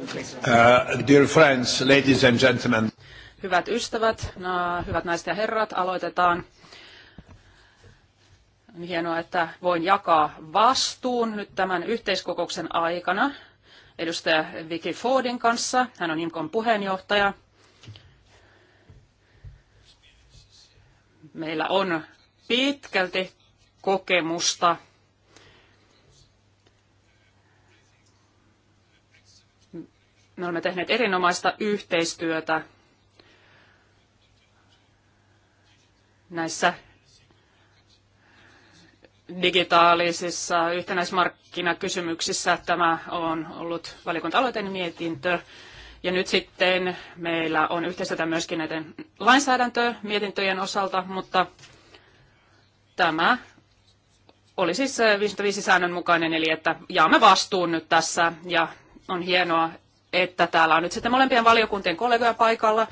Uh, dear friends, ladies and gentlemen. Hyvät ystävät, no, hyvät naiset ja herrat, aloitetaan. On hienoa, että voin jakaa vastuun nyt tämän yhteiskokouksen aikana edustaja Vicky Fordin kanssa. Hän on IMKon puheenjohtaja. Meillä on pitkälti kokemusta Me olemme tehneet erinomaista yhteistyötä näissä digitaalisissa yhtenäismarkkinakysymyksissä. Tämä on ollut valiokunta-aloitteinen mietintö. Ja nyt sitten meillä on yhteistyötä myöskin näiden lainsäädäntömietintöjen osalta, mutta tämä oli siis 55 säännön mukainen, eli että jaamme vastuun nyt tässä ja on hienoa, että täällä on nyt sitten molempien valiokuntien kollegoja paikalla.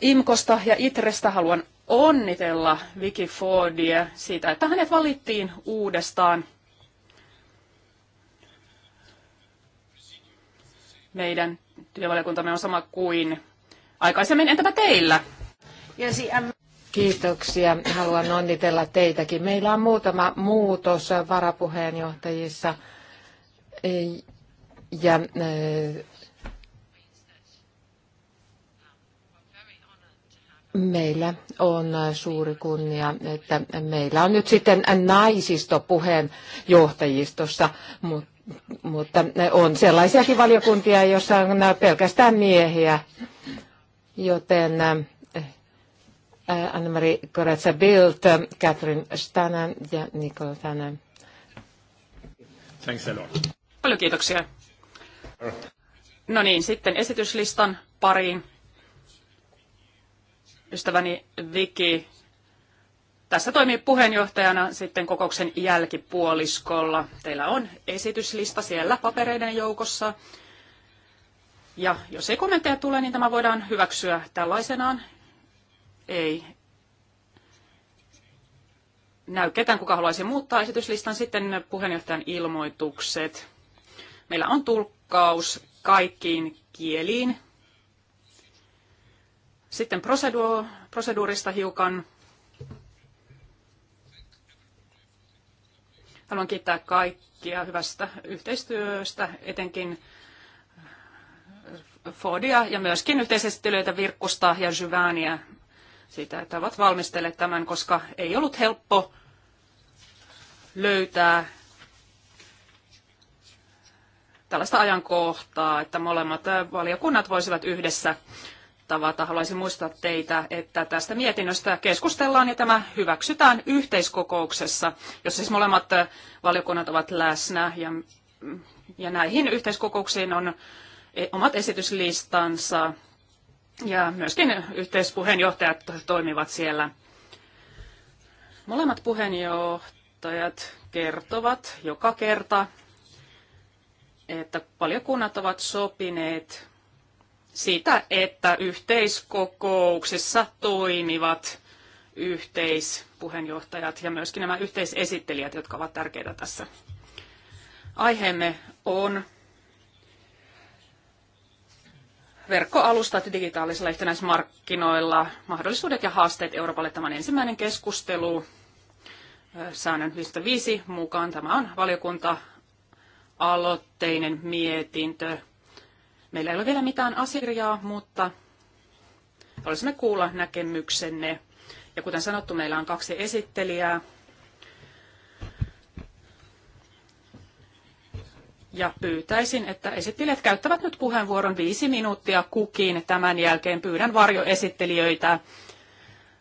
Imkosta ja Itrestä haluan onnitella Vicky Fordia siitä, että hänet valittiin uudestaan meidän työvaliokuntamme on sama kuin aikaisemmin. Entäpä teillä? Kiitoksia. Haluan onnitella teitäkin. Meillä on muutama muutos varapuheenjohtajissa. Ja Meillä on suuri kunnia, että meillä on nyt sitten naisisto puheenjohtajistossa, mutta on sellaisiakin valiokuntia, joissa on pelkästään miehiä. Joten eh, Anna-Mari Koretsa Bild, Catherine Stanan ja Nicole Tannen. Thanks a lot. Paljon kiitoksia. No niin, sitten esityslistan pariin ystäväni Viki tässä toimii puheenjohtajana sitten kokouksen jälkipuoliskolla. Teillä on esityslista siellä papereiden joukossa. Ja jos ei kommentteja tule, niin tämä voidaan hyväksyä tällaisenaan. Ei näy ketään, kuka haluaisi muuttaa esityslistan. Sitten puheenjohtajan ilmoitukset. Meillä on tulkkaus kaikkiin kieliin sitten proseduurista hiukan. Haluan kiittää kaikkia hyvästä yhteistyöstä, etenkin Fordia ja myöskin yhteisestilöitä Virkkusta ja Jyvääniä siitä, että ovat valmistelleet tämän, koska ei ollut helppo löytää tällaista ajankohtaa, että molemmat valiokunnat voisivat yhdessä tavata. Haluaisin muistaa teitä, että tästä mietinnöstä keskustellaan ja tämä hyväksytään yhteiskokouksessa, jossa siis molemmat valiokunnat ovat läsnä ja, ja näihin yhteiskokouksiin on e, omat esityslistansa ja myöskin yhteispuheenjohtajat toimivat siellä. Molemmat puheenjohtajat kertovat joka kerta, että valiokunnat ovat sopineet sitä, että yhteiskokouksessa toimivat yhteispuheenjohtajat ja myöskin nämä yhteisesittelijät, jotka ovat tärkeitä tässä. Aiheemme on verkkoalustat digitaalisilla yhtenäismarkkinoilla, mahdollisuudet ja haasteet Euroopalle. Tämän ensimmäinen keskustelu säännön 55 mukaan. Tämä on valiokunta aloitteinen mietintö Meillä ei ole vielä mitään asiriaa, mutta haluaisimme kuulla näkemyksenne. Ja kuten sanottu, meillä on kaksi esittelijää. Ja pyytäisin, että esittelijät käyttävät nyt puheenvuoron viisi minuuttia kukin. Tämän jälkeen pyydän varjoesittelijöitä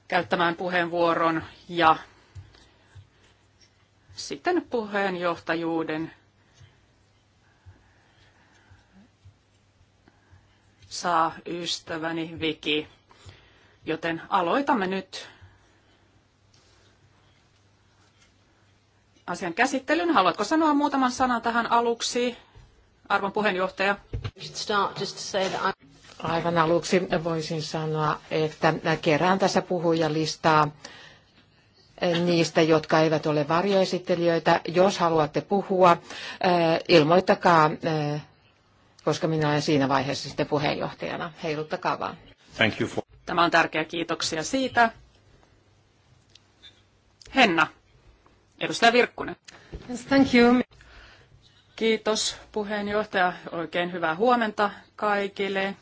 käyttämään puheenvuoron ja sitten puheenjohtajuuden saa ystäväni Viki. Joten aloitamme nyt asian käsittelyn. Haluatko sanoa muutaman sanan tähän aluksi, arvon puheenjohtaja? Aivan aluksi voisin sanoa, että kerään tässä puhujalistaa niistä, jotka eivät ole varjoesittelijöitä. Jos haluatte puhua, eh, ilmoittakaa eh, koska minä olen siinä vaiheessa sitten puheenjohtajana. Heiluttakaa vaan. Thank you for... Tämä on tärkeä. Kiitoksia siitä. Henna, edustaja Virkkunen. Yes, thank you. Kiitos puheenjohtaja. Oikein hyvää huomenta kaikille.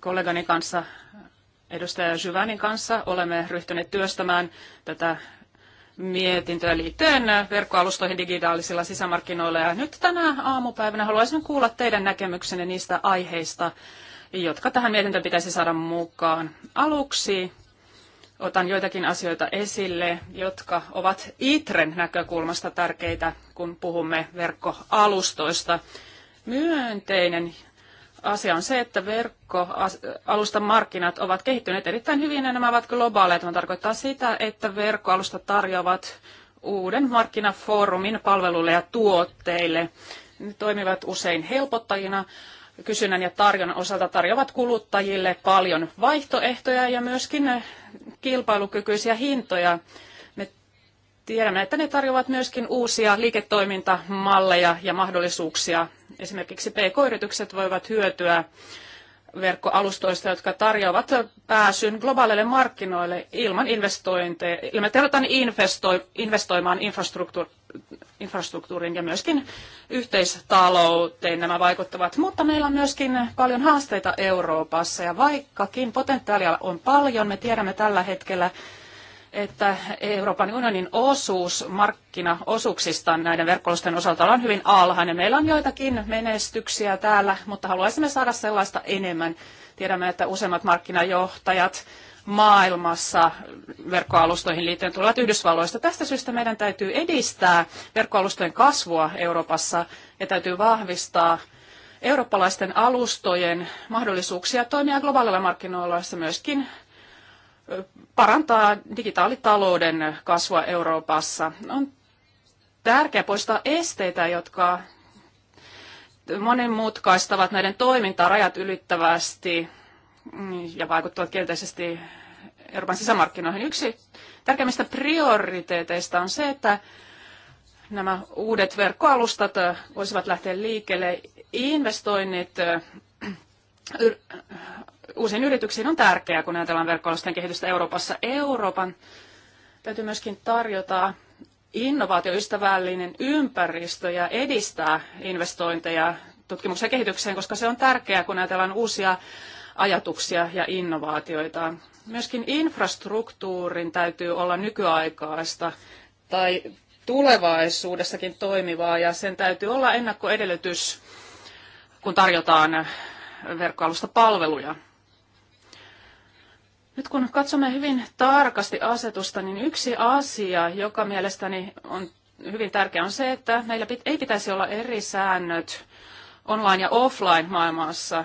Kollegani kanssa, edustaja Syvänin kanssa, olemme ryhtyneet työstämään tätä mietintöä liittyen verkkoalustoihin digitaalisilla sisämarkkinoilla. Ja nyt tänä aamupäivänä haluaisin kuulla teidän näkemyksenne niistä aiheista, jotka tähän mietintöön pitäisi saada mukaan. Aluksi otan joitakin asioita esille, jotka ovat ITREn näkökulmasta tärkeitä, kun puhumme verkkoalustoista. Myönteinen asia on se, että verkkoalustan markkinat ovat kehittyneet erittäin hyvin ja nämä ovat globaaleja. Tämä tarkoittaa sitä, että verkkoalusta tarjoavat uuden markkinafoorumin palveluille ja tuotteille. Ne toimivat usein helpottajina kysynnän ja tarjonnan osalta tarjoavat kuluttajille paljon vaihtoehtoja ja myöskin kilpailukykyisiä hintoja Tiedämme, että ne tarjoavat myöskin uusia liiketoimintamalleja ja mahdollisuuksia. Esimerkiksi PK-yritykset voivat hyötyä verkkoalustoista, jotka tarjoavat pääsyn globaaleille markkinoille ilman investointeja. Ilman investoi, investoimaan infrastruktuuriin ja myöskin yhteistalouteen nämä vaikuttavat. Mutta meillä on myöskin paljon haasteita Euroopassa ja vaikkakin potentiaalia on paljon, me tiedämme tällä hetkellä, että Euroopan unionin osuus markkinaosuuksista näiden verkkolusten osalta on hyvin alhainen. Meillä on joitakin menestyksiä täällä, mutta haluaisimme saada sellaista enemmän. Tiedämme, että useimmat markkinajohtajat maailmassa verkkoalustoihin liittyen tulevat Yhdysvalloista. Tästä syystä meidän täytyy edistää verkkoalustojen kasvua Euroopassa ja täytyy vahvistaa eurooppalaisten alustojen mahdollisuuksia toimia globaaleilla markkinoilla, myöskin parantaa digitaalitalouden kasvua Euroopassa. On tärkeää poistaa esteitä, jotka monimutkaistavat näiden toimintaa rajat ylittävästi ja vaikuttavat kielteisesti Euroopan sisämarkkinoihin. Yksi tärkeimmistä prioriteeteista on se, että nämä uudet verkkoalustat voisivat lähteä liikkeelle. Investoinnit uusiin yrityksiin on tärkeää, kun ajatellaan verkkoalusten kehitystä Euroopassa. Euroopan täytyy myöskin tarjota innovaatioystävällinen ympäristö ja edistää investointeja tutkimukseen ja kehitykseen, koska se on tärkeää, kun ajatellaan uusia ajatuksia ja innovaatioita. Myöskin infrastruktuurin täytyy olla nykyaikaista tai tulevaisuudessakin toimivaa ja sen täytyy olla ennakkoedellytys, kun tarjotaan verkkoalusta palveluja. Nyt kun katsomme hyvin tarkasti asetusta, niin yksi asia, joka mielestäni on hyvin tärkeä, on se, että meillä ei pitäisi olla eri säännöt online ja offline maailmassa.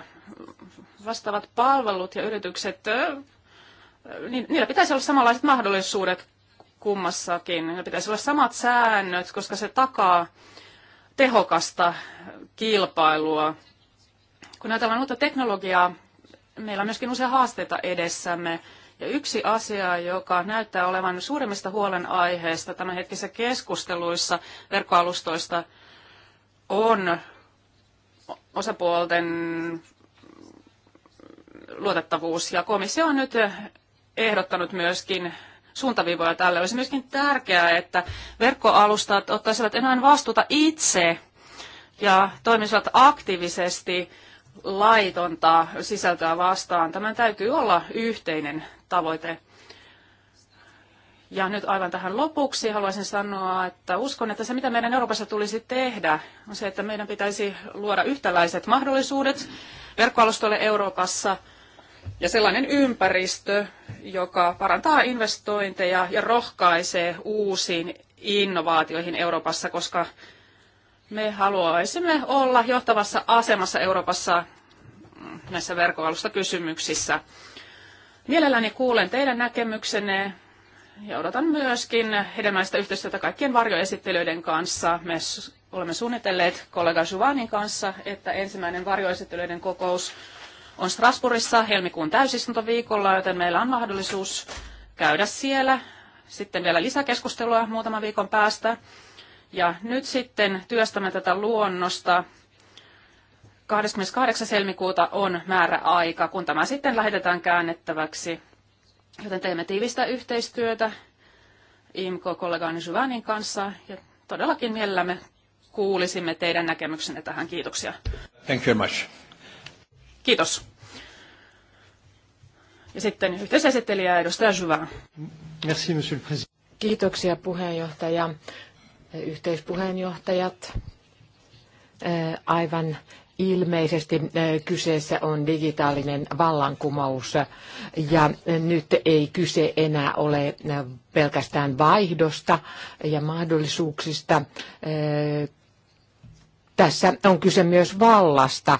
Vastaavat palvelut ja yritykset, niin niillä pitäisi olla samanlaiset mahdollisuudet kummassakin. Niillä pitäisi olla samat säännöt, koska se takaa tehokasta kilpailua. Kun ajatellaan uutta teknologiaa, meillä on myöskin usea haasteita edessämme. Ja yksi asia, joka näyttää olevan suurimmista huolenaiheista tämänhetkisissä keskusteluissa verkkoalustoista, on osapuolten luotettavuus. Ja komissio on nyt ehdottanut myöskin suuntaviivoja tälle. Olisi myöskin tärkeää, että verkkoalustat ottaisivat enää vastuuta itse ja toimisivat aktiivisesti laitonta sisältöä vastaan. Tämän täytyy olla yhteinen tavoite. Ja nyt aivan tähän lopuksi haluaisin sanoa, että uskon, että se mitä meidän Euroopassa tulisi tehdä, on se, että meidän pitäisi luoda yhtäläiset mahdollisuudet verkkoalustolle Euroopassa ja sellainen ympäristö, joka parantaa investointeja ja rohkaisee uusiin innovaatioihin Euroopassa, koska me haluaisimme olla johtavassa asemassa Euroopassa näissä kysymyksissä. Mielelläni kuulen teidän näkemyksenne ja odotan myöskin hedelmällistä yhteistyötä kaikkien varjoesittelyiden kanssa. Me olemme suunnitelleet kollega Juvanin kanssa, että ensimmäinen varjoesittelyiden kokous on Strasbourgissa helmikuun täysistuntoviikolla, joten meillä on mahdollisuus käydä siellä sitten vielä lisäkeskustelua muutaman viikon päästä. Ja nyt sitten työstämme tätä luonnosta. 28. helmikuuta on määräaika, kun tämä sitten lähetetään käännettäväksi. Joten teemme tiivistä yhteistyötä IMK-kollegaani Syvänin kanssa ja todellakin mielellämme kuulisimme teidän näkemyksenne tähän. Kiitoksia. Thank you very much. Kiitos. Ja sitten yhteisesittelijä edustaja Syvä. Merci, monsieur le président. Kiitoksia puheenjohtaja yhteispuheenjohtajat. Äh, aivan ilmeisesti äh, kyseessä on digitaalinen vallankumous ja äh, nyt ei kyse enää ole pelkästään vaihdosta ja mahdollisuuksista. Tässä on kyse myös vallasta,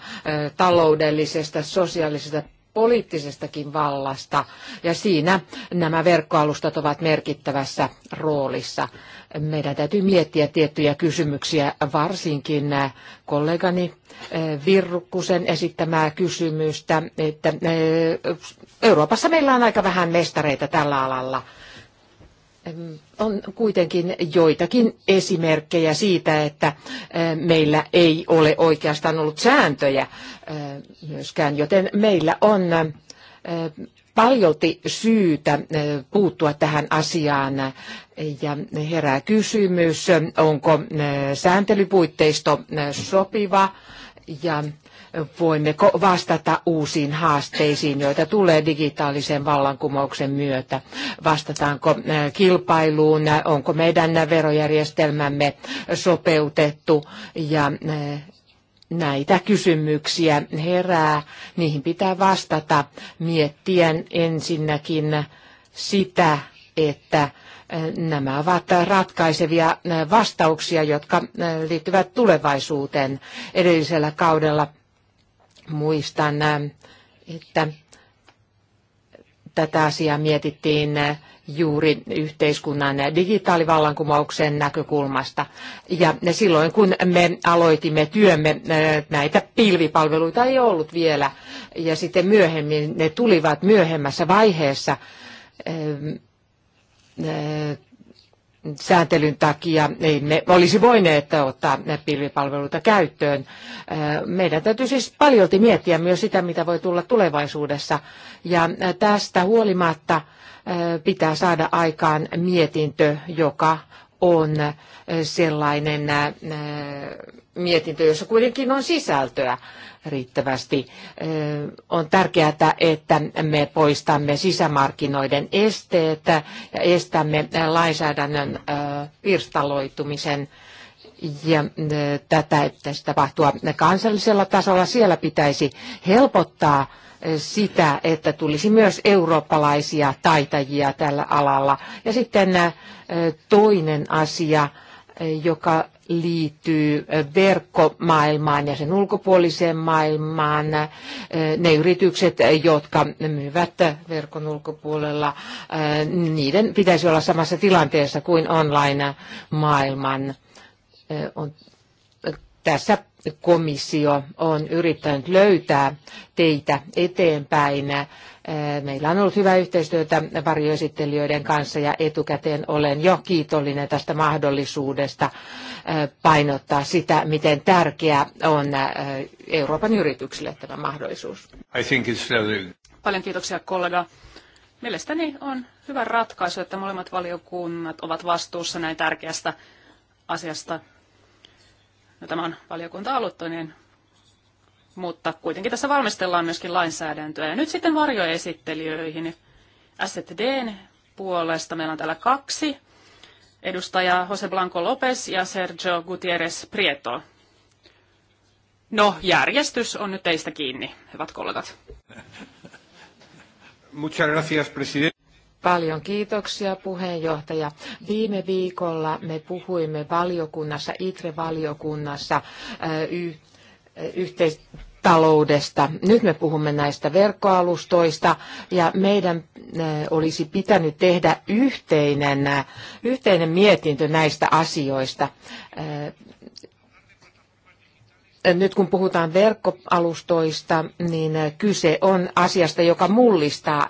taloudellisesta, sosiaalisesta, poliittisestakin vallasta, ja siinä nämä verkkoalustat ovat merkittävässä roolissa. Meidän täytyy miettiä tiettyjä kysymyksiä, varsinkin kollegani eh, Virrukkusen esittämää kysymystä, että eh, Euroopassa meillä on aika vähän mestareita tällä alalla on kuitenkin joitakin esimerkkejä siitä, että eh, meillä ei ole oikeastaan ollut sääntöjä eh, myöskään, joten meillä on eh, paljolti syytä puuttua tähän asiaan ja herää kysymys, onko sääntelypuitteisto sopiva ja voimmeko vastata uusiin haasteisiin, joita tulee digitaalisen vallankumouksen myötä. Vastataanko kilpailuun, onko meidän verojärjestelmämme sopeutettu ja näitä kysymyksiä herää. Niihin pitää vastata miettien ensinnäkin sitä, että nämä ovat ratkaisevia vastauksia, jotka liittyvät tulevaisuuteen. Edellisellä kaudella muistan, että tätä asiaa mietittiin juuri yhteiskunnan digitaalivallankumouksen näkökulmasta. Ja silloin kun me aloitimme työmme, näitä pilvipalveluita ei ollut vielä. Ja sitten myöhemmin ne tulivat myöhemmässä vaiheessa sääntelyn takia emme olisi voineet ottaa pilvipalveluita käyttöön. Meidän täytyy siis paljolti miettiä myös sitä, mitä voi tulla tulevaisuudessa. Ja tästä huolimatta pitää saada aikaan mietintö, joka on sellainen mietintö, jossa kuitenkin on sisältöä riittävästi. On tärkeää, että me poistamme sisämarkkinoiden esteet ja estämme lainsäädännön pirstaloitumisen. Ja tätä pitäisi tapahtua kansallisella tasolla. Siellä pitäisi helpottaa sitä, että tulisi myös eurooppalaisia taitajia tällä alalla. Ja sitten toinen asia, joka liittyy verkkomaailmaan ja sen ulkopuoliseen maailmaan. Ne yritykset, jotka myyvät verkon ulkopuolella, niiden pitäisi olla samassa tilanteessa kuin online-maailman. Tässä komissio on yrittänyt löytää teitä eteenpäin. Meillä on ollut hyvää yhteistyötä varjoesittelijöiden kanssa ja etukäteen olen jo kiitollinen tästä mahdollisuudesta painottaa sitä, miten tärkeä on Euroopan yrityksille tämä mahdollisuus. Paljon kiitoksia kollega. Mielestäni on hyvä ratkaisu, että molemmat valiokunnat ovat vastuussa näin tärkeästä asiasta No, tämä on valiokunta aloittoinen, niin- mutta kuitenkin tässä valmistellaan myöskin lainsäädäntöä. Ja nyt sitten varjoesittelijöihin. STDn puolesta meillä on täällä kaksi edustaja Jose Blanco Lopez ja Sergio Gutierrez Prieto. No, järjestys on nyt teistä kiinni, hyvät kollegat. Muchas gracias, Paljon kiitoksia puheenjohtaja. Viime viikolla me puhuimme valiokunnassa, ITRE-valiokunnassa yhteistaloudesta. Nyt me puhumme näistä verkkoalustoista ja meidän olisi pitänyt tehdä yhteinen, yhteinen mietintö näistä asioista nyt kun puhutaan verkkoalustoista, niin kyse on asiasta, joka mullistaa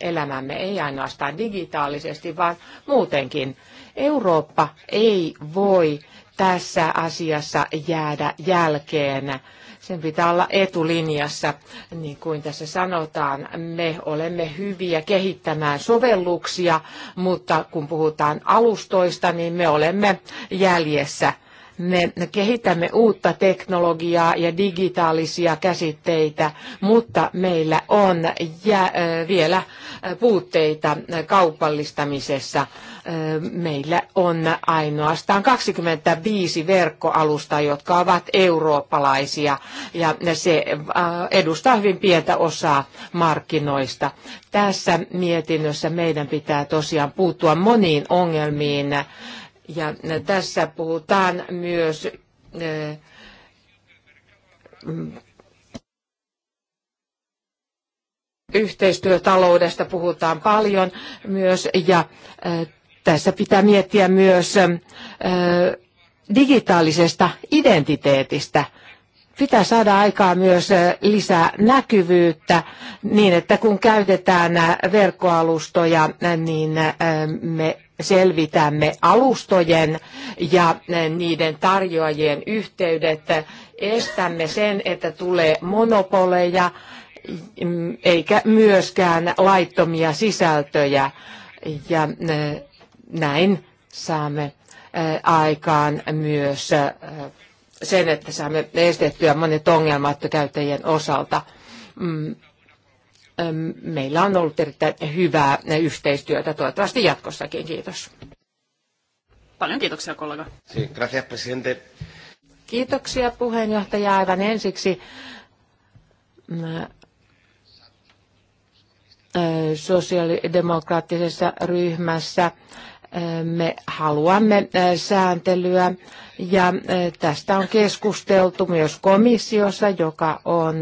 elämämme, ei ainoastaan digitaalisesti, vaan muutenkin. Eurooppa ei voi tässä asiassa jäädä jälkeen. Sen pitää olla etulinjassa, niin kuin tässä sanotaan. Me olemme hyviä kehittämään sovelluksia, mutta kun puhutaan alustoista, niin me olemme jäljessä – me kehitämme uutta teknologiaa ja digitaalisia käsitteitä, mutta meillä on vielä puutteita kaupallistamisessa. Meillä on ainoastaan 25 verkkoalusta, jotka ovat eurooppalaisia ja se edustaa hyvin pientä osaa markkinoista. Tässä mietinnössä meidän pitää tosiaan puuttua moniin ongelmiin ja tässä puhutaan myös yhteistyötaloudesta puhutaan paljon myös ja tässä pitää miettiä myös digitaalisesta identiteetistä Pitää saada myös eh, lisää näkyvyyttä niin, että kun käytetään eh, verkkoalustoja, eh, niin me selvitämme alustojen ja niiden tarjoajien yhteydet. Estämme sen, että tulee monopoleja mm, eikä myöskään laittomia sisältöjä. Ja näin saamme aikaan myös sen, että saamme estettyä monet ongelmat käyttäjien osalta. Mm, mm, meillä on ollut erittäin hyvää yhteistyötä, toivottavasti jatkossakin. Kiitos. Paljon kiitoksia kollega. Sí, gracias, presidente. Kiitoksia puheenjohtaja aivan ensiksi. Mm, äh, sosiaalidemokraattisessa ryhmässä me haluamme sääntelyä ja tästä on keskusteltu myös komissiossa, joka on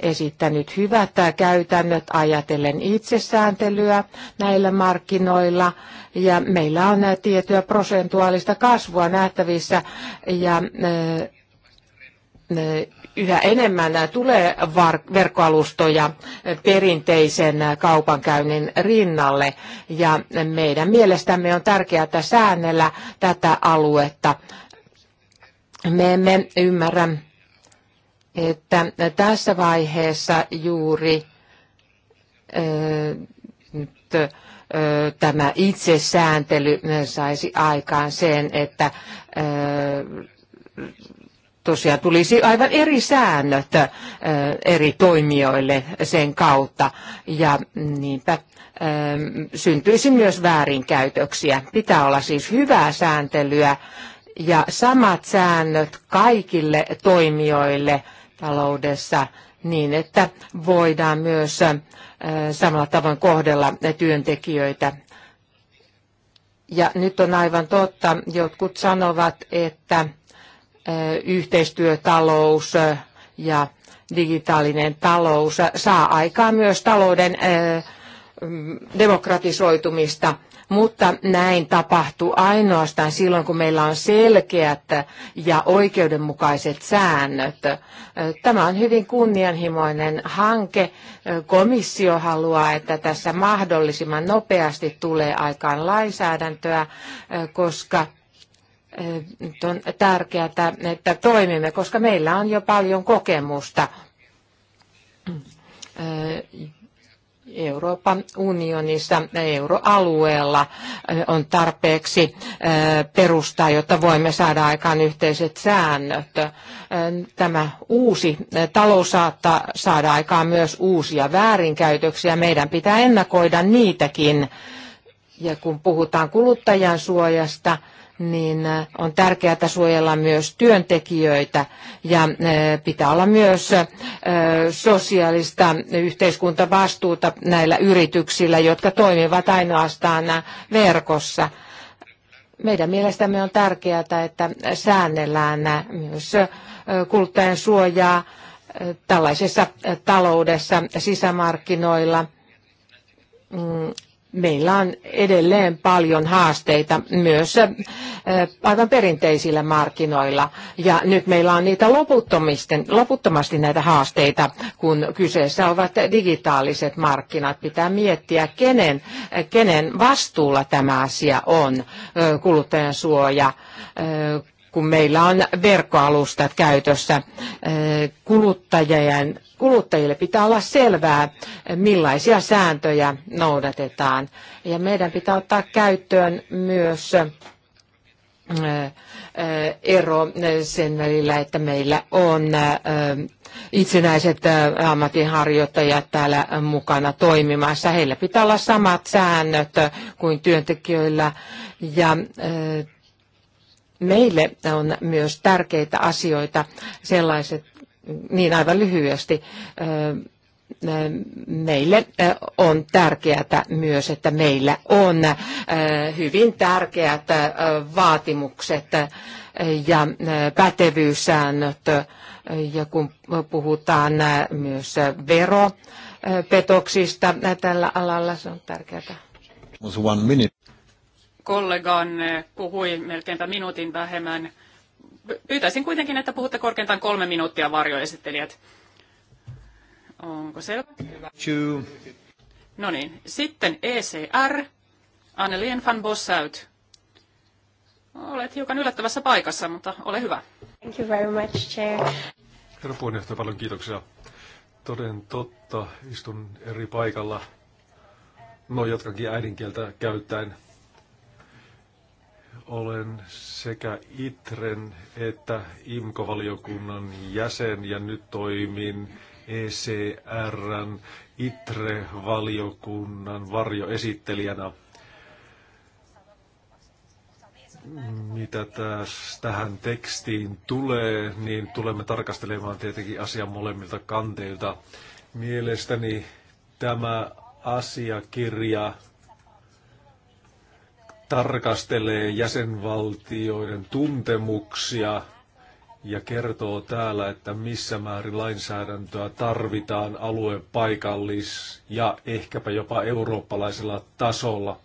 esittänyt hyvät käytännöt ajatellen itsesääntelyä näillä markkinoilla ja meillä on tiettyä prosentuaalista kasvua nähtävissä ja yhä enemmän tulee verkkoalustoja perinteisen kaupankäynnin rinnalle ja meidän mielestämme on tärkeää säännellä tätä aluetta. Me emme ymmärrä, että tässä vaiheessa juuri eh, nyt, eh, tämä itsesääntely saisi aikaan sen, että eh, tosiaan tulisi aivan eri säännöt eri toimijoille sen kautta ja niinpä syntyisi myös väärinkäytöksiä. Pitää olla siis hyvää sääntelyä ja samat säännöt kaikille toimijoille taloudessa niin, että voidaan myös samalla tavoin kohdella työntekijöitä. Ja nyt on aivan totta, jotkut sanovat, että yhteistyötalous ja digitaalinen talous saa aikaan myös talouden demokratisoitumista, mutta näin tapahtuu ainoastaan silloin, kun meillä on selkeät ja oikeudenmukaiset säännöt. Tämä on hyvin kunnianhimoinen hanke. Komissio haluaa, että tässä mahdollisimman nopeasti tulee aikaan lainsäädäntöä, koska on tärkeää, että toimimme, koska meillä on jo paljon kokemusta Euroopan unionissa, euroalueella on tarpeeksi perustaa, jotta voimme saada aikaan yhteiset säännöt. Tämä uusi talous saattaa saada aikaan myös uusia väärinkäytöksiä. Meidän pitää ennakoida niitäkin. Ja kun puhutaan kuluttajan suojasta, niin äh, on tärkeää suojella myös työntekijöitä ja äh, pitää olla myös äh, sosiaalista yhteiskuntavastuuta näillä yrityksillä, jotka toimivat ainoastaan verkossa. Meidän mielestämme on tärkeää, että säännellään myös kuluttajan suojaa tällaisessa taloudessa sisämarkkinoilla mm, meillä on edelleen paljon haasteita myös äh, aivan perinteisillä markkinoilla. Ja nyt meillä on niitä loputtomasti näitä haasteita, kun kyseessä ovat digitaaliset markkinat. Pitää miettiä, kenen, kenen vastuulla tämä asia on, äh, kuluttajan suoja, äh, kun meillä on verkkoalustat käytössä. Eh, kuluttajien, kuluttajille pitää olla selvää, millaisia sääntöjä noudatetaan. Ja meidän pitää ottaa käyttöön myös eh, eh, ero sen välillä, että meillä on itsenäiset ammatinharjoittajat täällä mukana toimimassa. Heillä pitää olla samat säännöt kuin työntekijöillä ja meille on myös tärkeitä asioita, sellaiset, niin aivan lyhyesti, äh, meille äh, on tärkeää myös, että meillä on äh, hyvin tärkeät vaatimukset ja pätevyyssäännöt, ja kun puhutaan myös veropetoksista tällä alalla, se on tärkeää kolleganne eh, puhui melkeinpä minuutin vähemmän. Pyytäisin kuitenkin, että puhutte korkeintaan kolme minuuttia varjoesittelijät. Onko selvä? Hyvä. No niin, sitten ECR, Annelien van Bossäyt. Olet hiukan yllättävässä paikassa, mutta ole hyvä. Thank you very much, Chair. Herra puheenjohtaja, paljon kiitoksia. Toden totta, istun eri paikalla. No, jatkankin äidinkieltä käyttäen. Olen sekä ITREN että IMKO-valiokunnan jäsen ja nyt toimin ECRn ITRE-valiokunnan varjoesittelijänä. Mitä täs, tähän tekstiin tulee, niin tulemme tarkastelemaan tietenkin asian molemmilta kanteilta. Mielestäni tämä asiakirja tarkastelee jäsenvaltioiden tuntemuksia ja kertoo täällä, että missä määrin lainsäädäntöä tarvitaan aluepaikallis- paikallis ja ehkäpä jopa eurooppalaisella tasolla.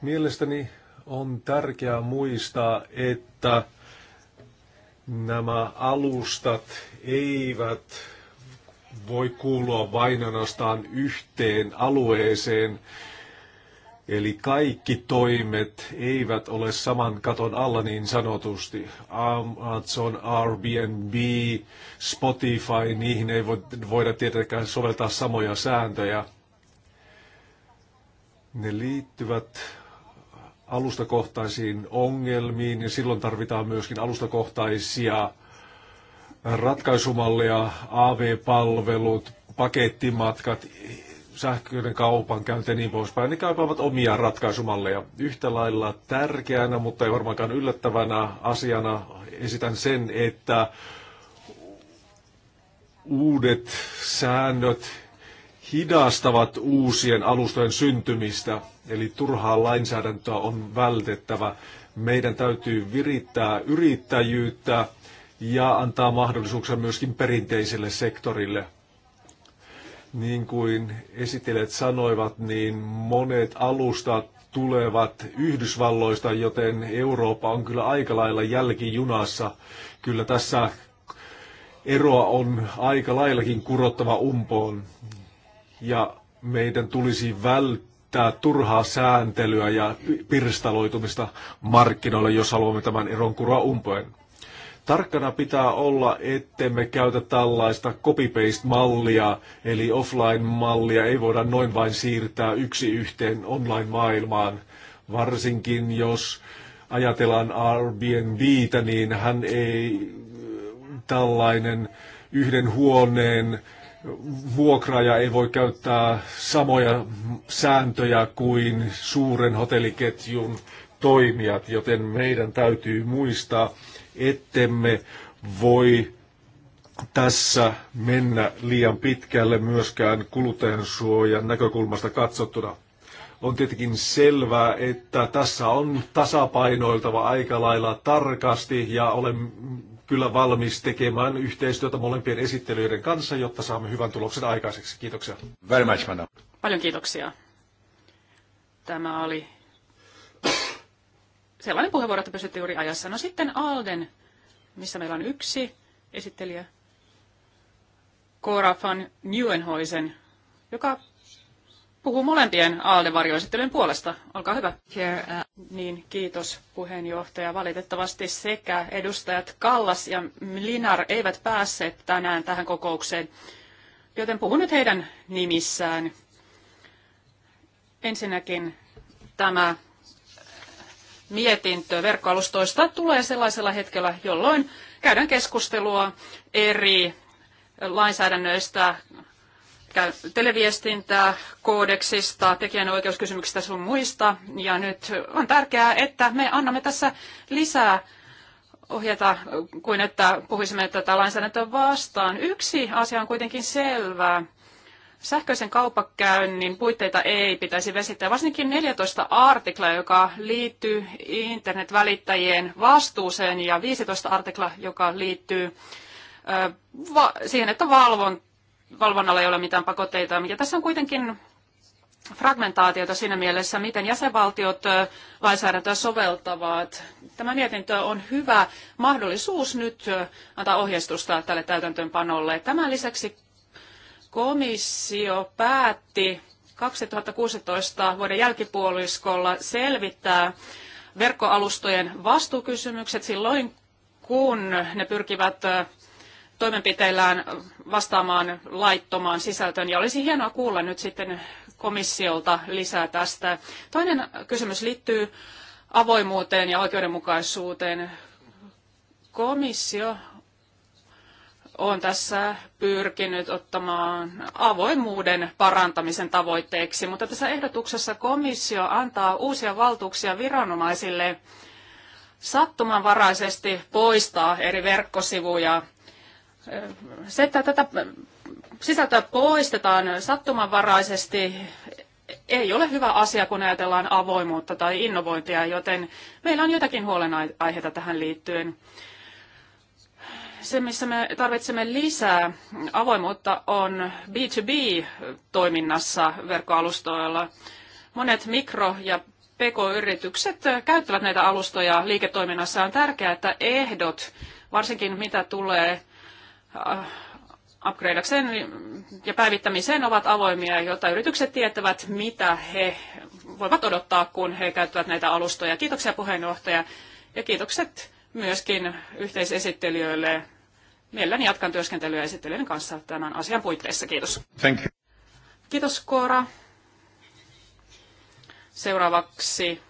Mielestäni on tärkeää muistaa, että nämä alustat eivät voi kuulua vain ainoastaan yhteen alueeseen, Eli kaikki toimet eivät ole saman katon alla niin sanotusti. Amazon, Airbnb, Spotify, niihin ei voida tietenkään soveltaa samoja sääntöjä. Ne liittyvät alustakohtaisiin ongelmiin ja silloin tarvitaan myöskin alustakohtaisia ratkaisumalleja, AV-palvelut, pakettimatkat, sähköinen kaupan ja niin poispäin, ne kaipaavat omia ratkaisumalleja. Yhtä lailla tärkeänä, mutta ei varmaankaan yllättävänä asiana esitän sen, että uudet säännöt hidastavat uusien alustojen syntymistä, eli turhaa lainsäädäntöä on vältettävä. Meidän täytyy virittää yrittäjyyttä ja antaa mahdollisuuksia myöskin perinteiselle sektorille – niin kuin esitelijät sanoivat, niin monet alustat tulevat Yhdysvalloista, joten Eurooppa on kyllä aika lailla jälkijunassa. Kyllä tässä eroa on aika laillakin kurottava umpoon. Ja meidän tulisi välttää turhaa sääntelyä ja pirstaloitumista markkinoille, jos haluamme tämän eron kuroa umpoen. Tarkkana pitää olla, ettemme käytä tällaista copy-paste-mallia, eli offline-mallia ei voida noin vain siirtää yksi yhteen online-maailmaan, varsinkin jos ajatellaan Airbnbtä, niin hän ei tällainen yhden huoneen vuokraaja ei voi käyttää samoja sääntöjä kuin suuren hotelliketjun toimijat, joten meidän täytyy muistaa, ettemme voi tässä mennä liian pitkälle myöskään kuluttajansuojan näkökulmasta katsottuna. On tietenkin selvää, että tässä on tasapainoiltava aika lailla tarkasti ja olen kyllä valmis tekemään yhteistyötä molempien esittelyiden kanssa, jotta saamme hyvän tuloksen aikaiseksi. Kiitoksia. Very much, Paljon kiitoksia. Tämä oli sellainen puheenvuoro, että pysytte juuri ajassa. No sitten Alden, missä meillä on yksi esittelijä, Cora van Nieuwenhuisen, joka puhuu molempien alden varjoesittelyjen puolesta. Olkaa hyvä. Uh, niin, kiitos puheenjohtaja. Valitettavasti sekä edustajat Kallas ja Linar eivät päässeet tänään tähän kokoukseen, joten puhun nyt heidän nimissään. Ensinnäkin tämä mietintö verkkoalustoista tulee sellaisella hetkellä, jolloin käydään keskustelua eri lainsäädännöistä, televiestintää, koodeksista, tekijänoikeuskysymyksistä sun muista. Ja nyt on tärkeää, että me annamme tässä lisää ohjata kuin että puhuisimme tätä lainsäädäntöä vastaan. Yksi asia on kuitenkin selvää. Sähköisen kaupankäynnin puitteita ei pitäisi vesittää, varsinkin 14 artikla, joka liittyy internetvälittäjien vastuuseen ja 15 artikla, joka liittyy siihen, että valvon, valvonnalla ei ole mitään pakotteita. Ja tässä on kuitenkin fragmentaatiota siinä mielessä, miten jäsenvaltiot lainsäädäntöä soveltavat. Tämä mietintö on hyvä mahdollisuus nyt antaa ohjeistusta tälle täytäntöönpanolle. Tämän lisäksi Komissio päätti 2016 vuoden jälkipuoliskolla selvittää verkkoalustojen vastuukysymykset silloin, kun ne pyrkivät toimenpiteillään vastaamaan laittomaan sisältöön. Ja olisi hienoa kuulla nyt sitten komissiolta lisää tästä. Toinen kysymys liittyy avoimuuteen ja oikeudenmukaisuuteen. Komissio on tässä pyrkinyt ottamaan avoimuuden parantamisen tavoitteeksi, mutta tässä ehdotuksessa komissio antaa uusia valtuuksia viranomaisille sattumanvaraisesti poistaa eri verkkosivuja. Se, että tätä sisältöä poistetaan sattumanvaraisesti, ei ole hyvä asia, kun ajatellaan avoimuutta tai innovointia, joten meillä on jotakin huolenaiheita tähän liittyen se, missä me tarvitsemme lisää avoimuutta, on B2B-toiminnassa verkkoalustoilla. Monet mikro- ja PK-yritykset käyttävät näitä alustoja liiketoiminnassa. On tärkeää, että ehdot, varsinkin mitä tulee äh, upgradeakseen ja päivittämiseen, ovat avoimia, jotta yritykset tietävät, mitä he voivat odottaa, kun he käyttävät näitä alustoja. Kiitoksia puheenjohtaja ja kiitokset myöskin yhteisesittelijöille. Mielelläni jatkan työskentelyä esittelijöiden kanssa tämän asian puitteissa. Kiitos. Thank you. Kiitos Koora. Seuraavaksi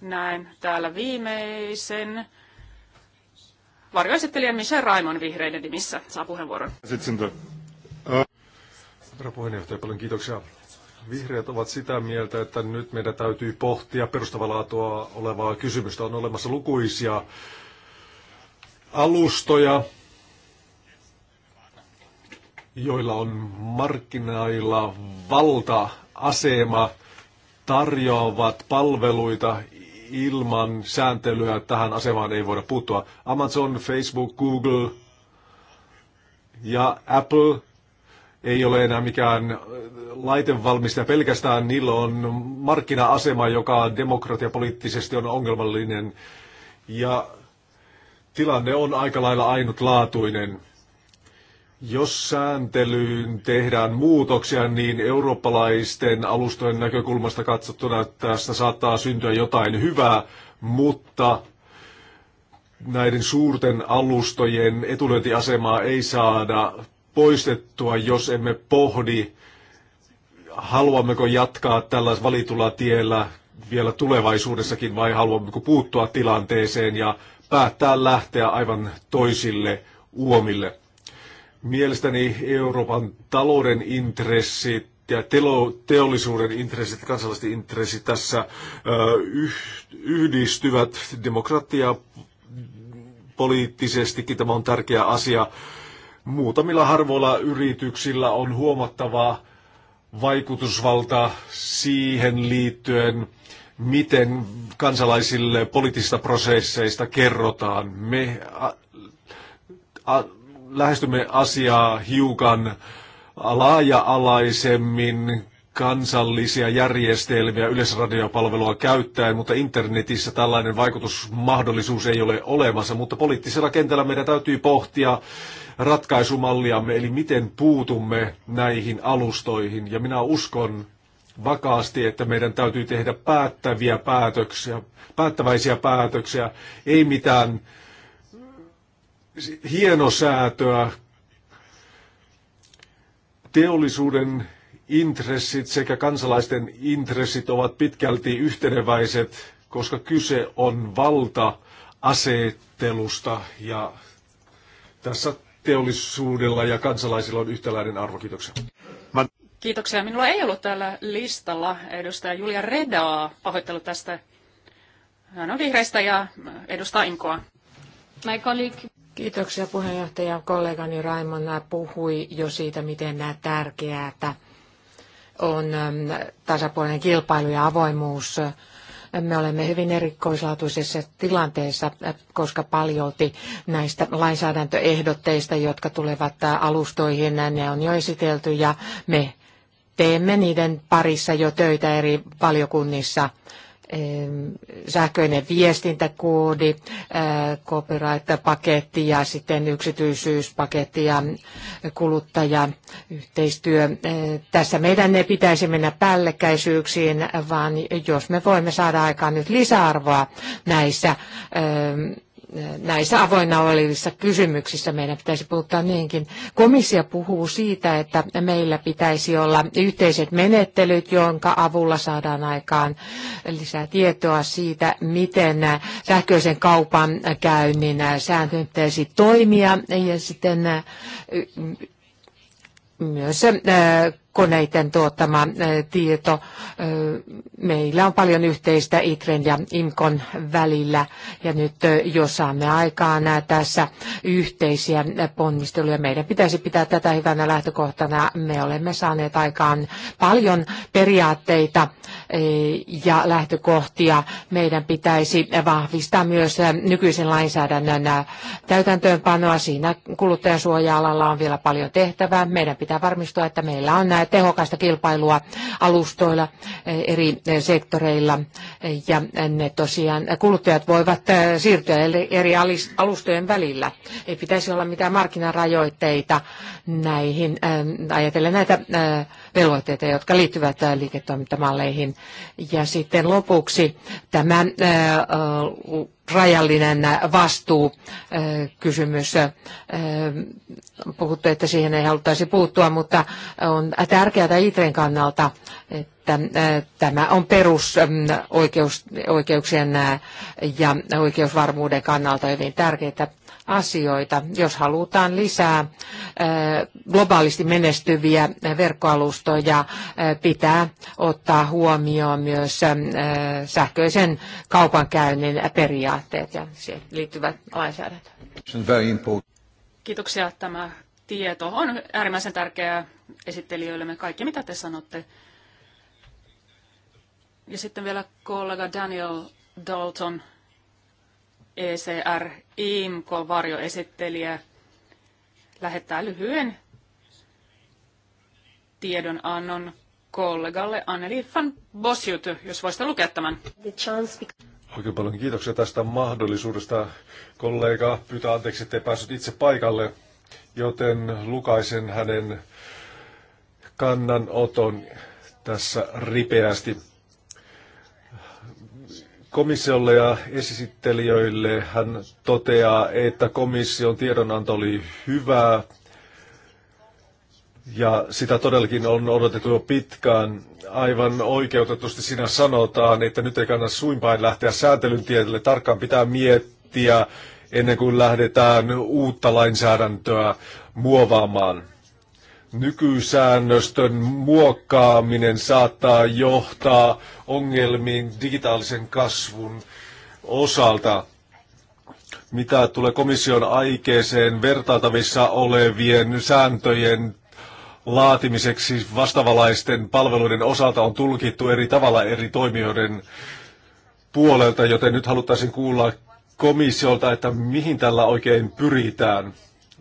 näen täällä viimeisen varjoesittelijän, Michel Raimon vihreiden nimissä saa puheenvuoron. Herra puheenjohtaja, paljon kiitoksia. Vihreät ovat sitä mieltä, että nyt meidän täytyy pohtia perustavalaatua olevaa kysymystä. On olemassa lukuisia alustoja, joilla on markkinailla valta-asema, tarjoavat palveluita ilman sääntelyä. Tähän asemaan ei voida puuttua. Amazon, Facebook, Google ja Apple – ei ole enää mikään äh, laitevalmistaja pelkästään, niillä on markkina-asema, joka demokratiapoliittisesti on ongelmallinen. Ja tilanne on aika lailla ainutlaatuinen. Jos sääntelyyn tehdään muutoksia, niin eurooppalaisten alustojen näkökulmasta katsottuna tästä saattaa syntyä jotain hyvää, mutta näiden suurten alustojen etulöintiasemaa ei saada poistettua, jos emme pohdi, haluammeko jatkaa tällaisen valitulla tiellä vielä tulevaisuudessakin vai haluammeko puuttua tilanteeseen ja päättää lähteä aivan toisille uomille. Mielestäni Euroopan talouden intressit ja teollisuuden intressit, kansalaisten intressit tässä yhdistyvät demokratia poliittisestikin. Tämä on tärkeä asia Muutamilla harvoilla yrityksillä on huomattavaa vaikutusvalta siihen liittyen, miten kansalaisille poliittisista prosesseista kerrotaan. Me a, a, lähestymme asiaa hiukan laaja-alaisemmin, kansallisia järjestelmiä yleisradiopalvelua käyttäen, mutta internetissä tällainen vaikutusmahdollisuus ei ole olemassa. Mutta poliittisella kentällä meidän täytyy pohtia ratkaisumalliamme, eli miten puutumme näihin alustoihin. Ja minä uskon vakaasti, että meidän täytyy tehdä päättäviä päätöksiä, päättäväisiä päätöksiä, ei mitään hienosäätöä teollisuuden intressit sekä kansalaisten intressit ovat pitkälti yhteneväiset, koska kyse on valta-asettelusta ja tässä teollisuudella ja kansalaisilla on yhtäläinen arvo. Kiitoksia. Kiitoksia. Minulla ei ollut täällä listalla edustaja Julia Redaa. Pahoittelu tästä. Hän on vihreistä ja edustaa Inkoa. My colleague. Kiitoksia puheenjohtaja. Kollegani Raimona puhui jo siitä, miten tärkeää on ähm, tasapuolinen kilpailu ja avoimuus. Me olemme hyvin erikoislaatuisessa tilanteessa, äh, koska paljolti näistä lainsäädäntöehdotteista, jotka tulevat äh, alustoihin, äh, ne on jo esitelty ja me teemme niiden parissa jo töitä eri valiokunnissa sähköinen viestintäkoodi, copyright-paketti ja sitten yksityisyyspaketti ja kuluttajayhteistyö. Tässä meidän ei pitäisi mennä päällekkäisyyksiin, vaan jos me voimme saada aikaan nyt lisäarvoa näissä näissä avoinna olevissa kysymyksissä meidän pitäisi puhuttaa niinkin. Komissio puhuu siitä, että meillä pitäisi olla yhteiset menettelyt, jonka avulla saadaan aikaan lisää tietoa siitä, miten sähköisen kaupan käynnin sääntö pitäisi toimia ja sitten myös koneiden tuottama tieto. Meillä on paljon yhteistä ITREN ja IMKON välillä ja nyt jos saamme aikaan tässä yhteisiä ponnisteluja, meidän pitäisi pitää tätä hyvänä lähtökohtana. Me olemme saaneet aikaan paljon periaatteita ja lähtökohtia. Meidän pitäisi vahvistaa myös nykyisen lainsäädännön täytäntöönpanoa. Siinä kuluttajansuoja-alalla on vielä paljon tehtävää. Meidän pitää varmistua, että meillä on näitä tehokasta kilpailua alustoilla eh, eri eh, sektoreilla eh, ja ne tosiaan kuluttajat voivat siirtyä eri alustojen välillä. Ei pitäisi olla mitään markkinarajoitteita näihin, ajatellen näitä velvoitteita, jotka liittyvät liiketoimintamalleihin. Ja sitten lopuksi tämä rajallinen vastuukysymys. Puhuttu, että siihen ei haluttaisi puuttua, mutta on tärkeää Itren kannalta, että tämä on perusoikeuksien ja oikeusvarmuuden kannalta hyvin tärkeää asioita. Jos halutaan lisää globaalisti menestyviä verkkoalustoja, pitää ottaa huomioon myös sähköisen kaupankäynnin periaatteet ja siihen liittyvät lainsäädäntöön. Kiitoksia. Tämä tieto on äärimmäisen tärkeää esittelijöillemme. Kaikki, mitä te sanotte, ja sitten vielä kollega Daniel Dalton, ECR, varjo varjoesittelijä lähettää lyhyen tiedonannon kollegalle Anneli van Bosjut, jos voisitte lukea tämän. Oikein paljon kiitoksia tästä mahdollisuudesta. Kollega pyytää anteeksi, ettei päässyt itse paikalle, joten lukaisen hänen kannanoton tässä ripeästi komissiolle ja esittelijöille. Hän toteaa, että komission tiedonanto oli hyvä ja sitä todellakin on odotettu jo pitkään. Aivan oikeutetusti siinä sanotaan, että nyt ei kannata suinpäin lähteä sääntelyn tielle. Tarkkaan pitää miettiä ennen kuin lähdetään uutta lainsäädäntöä muovaamaan. Nykysäännöstön muokkaaminen saattaa johtaa ongelmiin digitaalisen kasvun osalta. Mitä tulee komission aikeeseen vertailtavissa olevien sääntöjen laatimiseksi vastavalaisten palveluiden osalta on tulkittu eri tavalla eri toimijoiden puolelta, joten nyt haluttaisiin kuulla komissiolta, että mihin tällä oikein pyritään.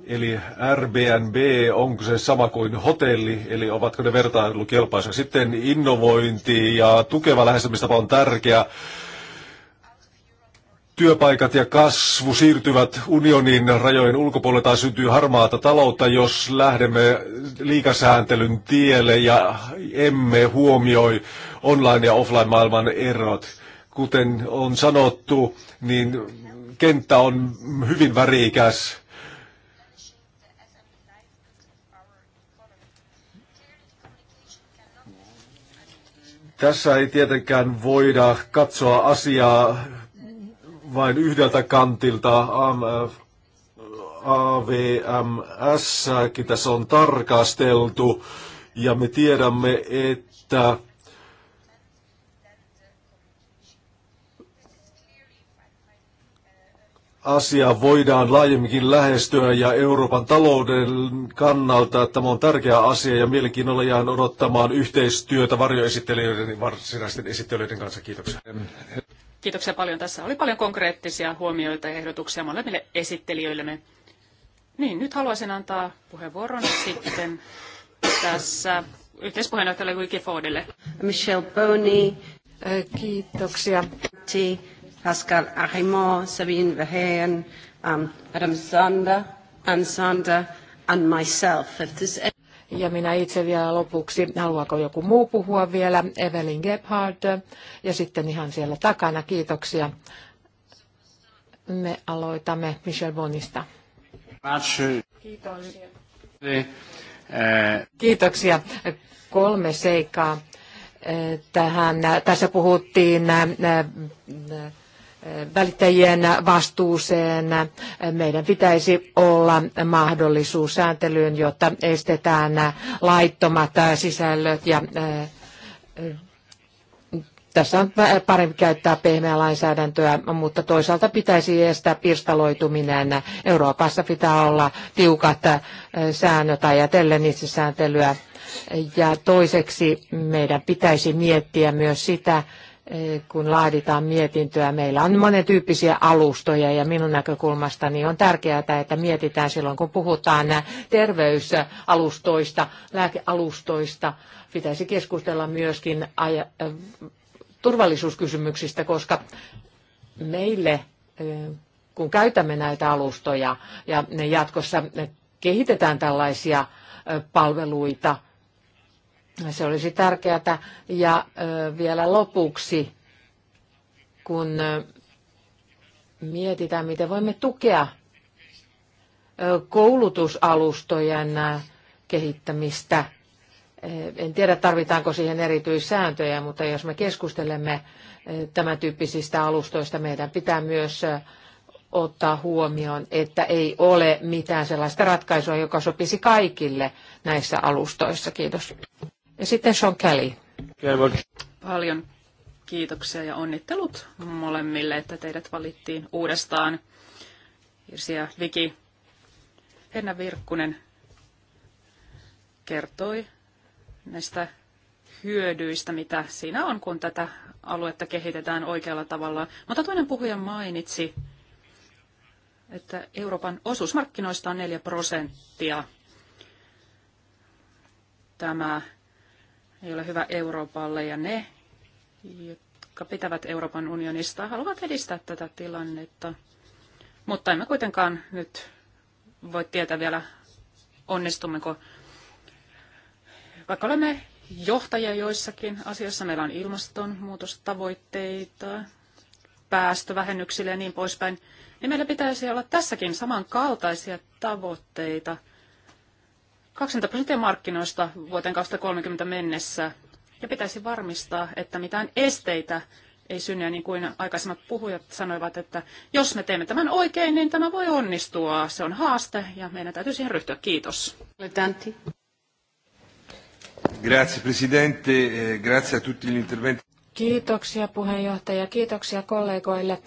Eli Airbnb, onko se sama kuin hotelli, eli ovatko ne vertailukelpoisia? Sitten innovointi ja tukeva lähestymistapa on tärkeä. Työpaikat ja kasvu siirtyvät unionin rajojen ulkopuolelle tai syntyy harmaata taloutta, jos lähdemme liikasääntelyn tielle ja emme huomioi online- ja offline-maailman erot. Kuten on sanottu, niin kenttä on hyvin värikäs Tässä ei tietenkään voida katsoa asiaa vain yhdeltä kantilta. AMF, AVMS, tässä on tarkasteltu ja me tiedämme, että asia voidaan laajemminkin lähestyä ja Euroopan talouden kannalta tämä on tärkeä asia ja mielenkiinnolla jään odottamaan yhteistyötä varjoesittelijöiden varsinaisten esittelijöiden kanssa. Kiitoksia. Kiitoksia paljon. Tässä oli paljon konkreettisia huomioita ja ehdotuksia molemmille esittelijöillemme. Niin, nyt haluaisin antaa puheenvuoron sitten tässä yhteispuheenjohtajalle Wikifordille. Michelle Boni. Äh, kiitoksia. Pascal Arimont, Sabine Verheyen, um, Adam Sander, Ann Sander and myself. If ja minä itse vielä lopuksi, haluaako joku muu puhua vielä, Evelyn Gebhardt ja sitten ihan siellä takana, kiitoksia. Me aloitamme Michel Bonista. Kiitoksia. Kiitoksia. Kolme seikkaa eh, tähän. Tässä puhuttiin eh, eh, välittäjien vastuuseen. Meidän pitäisi olla mahdollisuus sääntelyyn, jotta estetään laittomat sisällöt ja äh, tässä on parempi käyttää pehmeää lainsäädäntöä, mutta toisaalta pitäisi estää pirstaloituminen. Euroopassa pitää olla tiukat äh, säännöt ajatellen itsesääntelyä. Ja toiseksi meidän pitäisi miettiä myös sitä, Eh, kun laaditaan mietintöä. Meillä on monentyyppisiä alustoja ja minun näkökulmastani on tärkeää, että mietitään silloin, kun puhutaan terveysalustoista, lääkealustoista. Pitäisi keskustella myöskin eh, turvallisuuskysymyksistä, koska meille, eh, kun käytämme näitä alustoja ja ne jatkossa kehitetään tällaisia palveluita, se olisi tärkeää. Ja vielä lopuksi, kun mietitään, miten voimme tukea koulutusalustojen kehittämistä. En tiedä, tarvitaanko siihen erityissääntöjä, mutta jos me keskustelemme tämän tyyppisistä alustoista, meidän pitää myös ottaa huomioon, että ei ole mitään sellaista ratkaisua, joka sopisi kaikille näissä alustoissa. Kiitos. Ja sitten Sean Kelly. Paljon kiitoksia ja onnittelut molemmille, että teidät valittiin uudestaan. Irsi ja Viki. Henna Virkkunen kertoi näistä hyödyistä, mitä siinä on, kun tätä aluetta kehitetään oikealla tavalla. Mutta toinen puhuja mainitsi, että Euroopan osuus markkinoista on 4 prosenttia. Tämä ei ole hyvä Euroopalle ja ne, jotka pitävät Euroopan unionista, haluavat edistää tätä tilannetta. Mutta emme kuitenkaan nyt voi tietää vielä, onnistummeko. Vaikka olemme johtajia joissakin asioissa, meillä on ilmastonmuutostavoitteita, päästövähennyksille ja niin poispäin, niin meillä pitäisi olla tässäkin samankaltaisia tavoitteita – 20 prosenttia markkinoista vuoteen 2030 mennessä. Ja pitäisi varmistaa, että mitään esteitä ei synny. niin kuin aikaisemmat puhujat sanoivat, että jos me teemme tämän oikein, niin tämä voi onnistua. Se on haaste ja meidän täytyy siihen ryhtyä. Kiitos. Grazie Presidente, e grazie a tutti gli interventi. Kiitoksia puheenjohtaja, kiitoksia kollegoille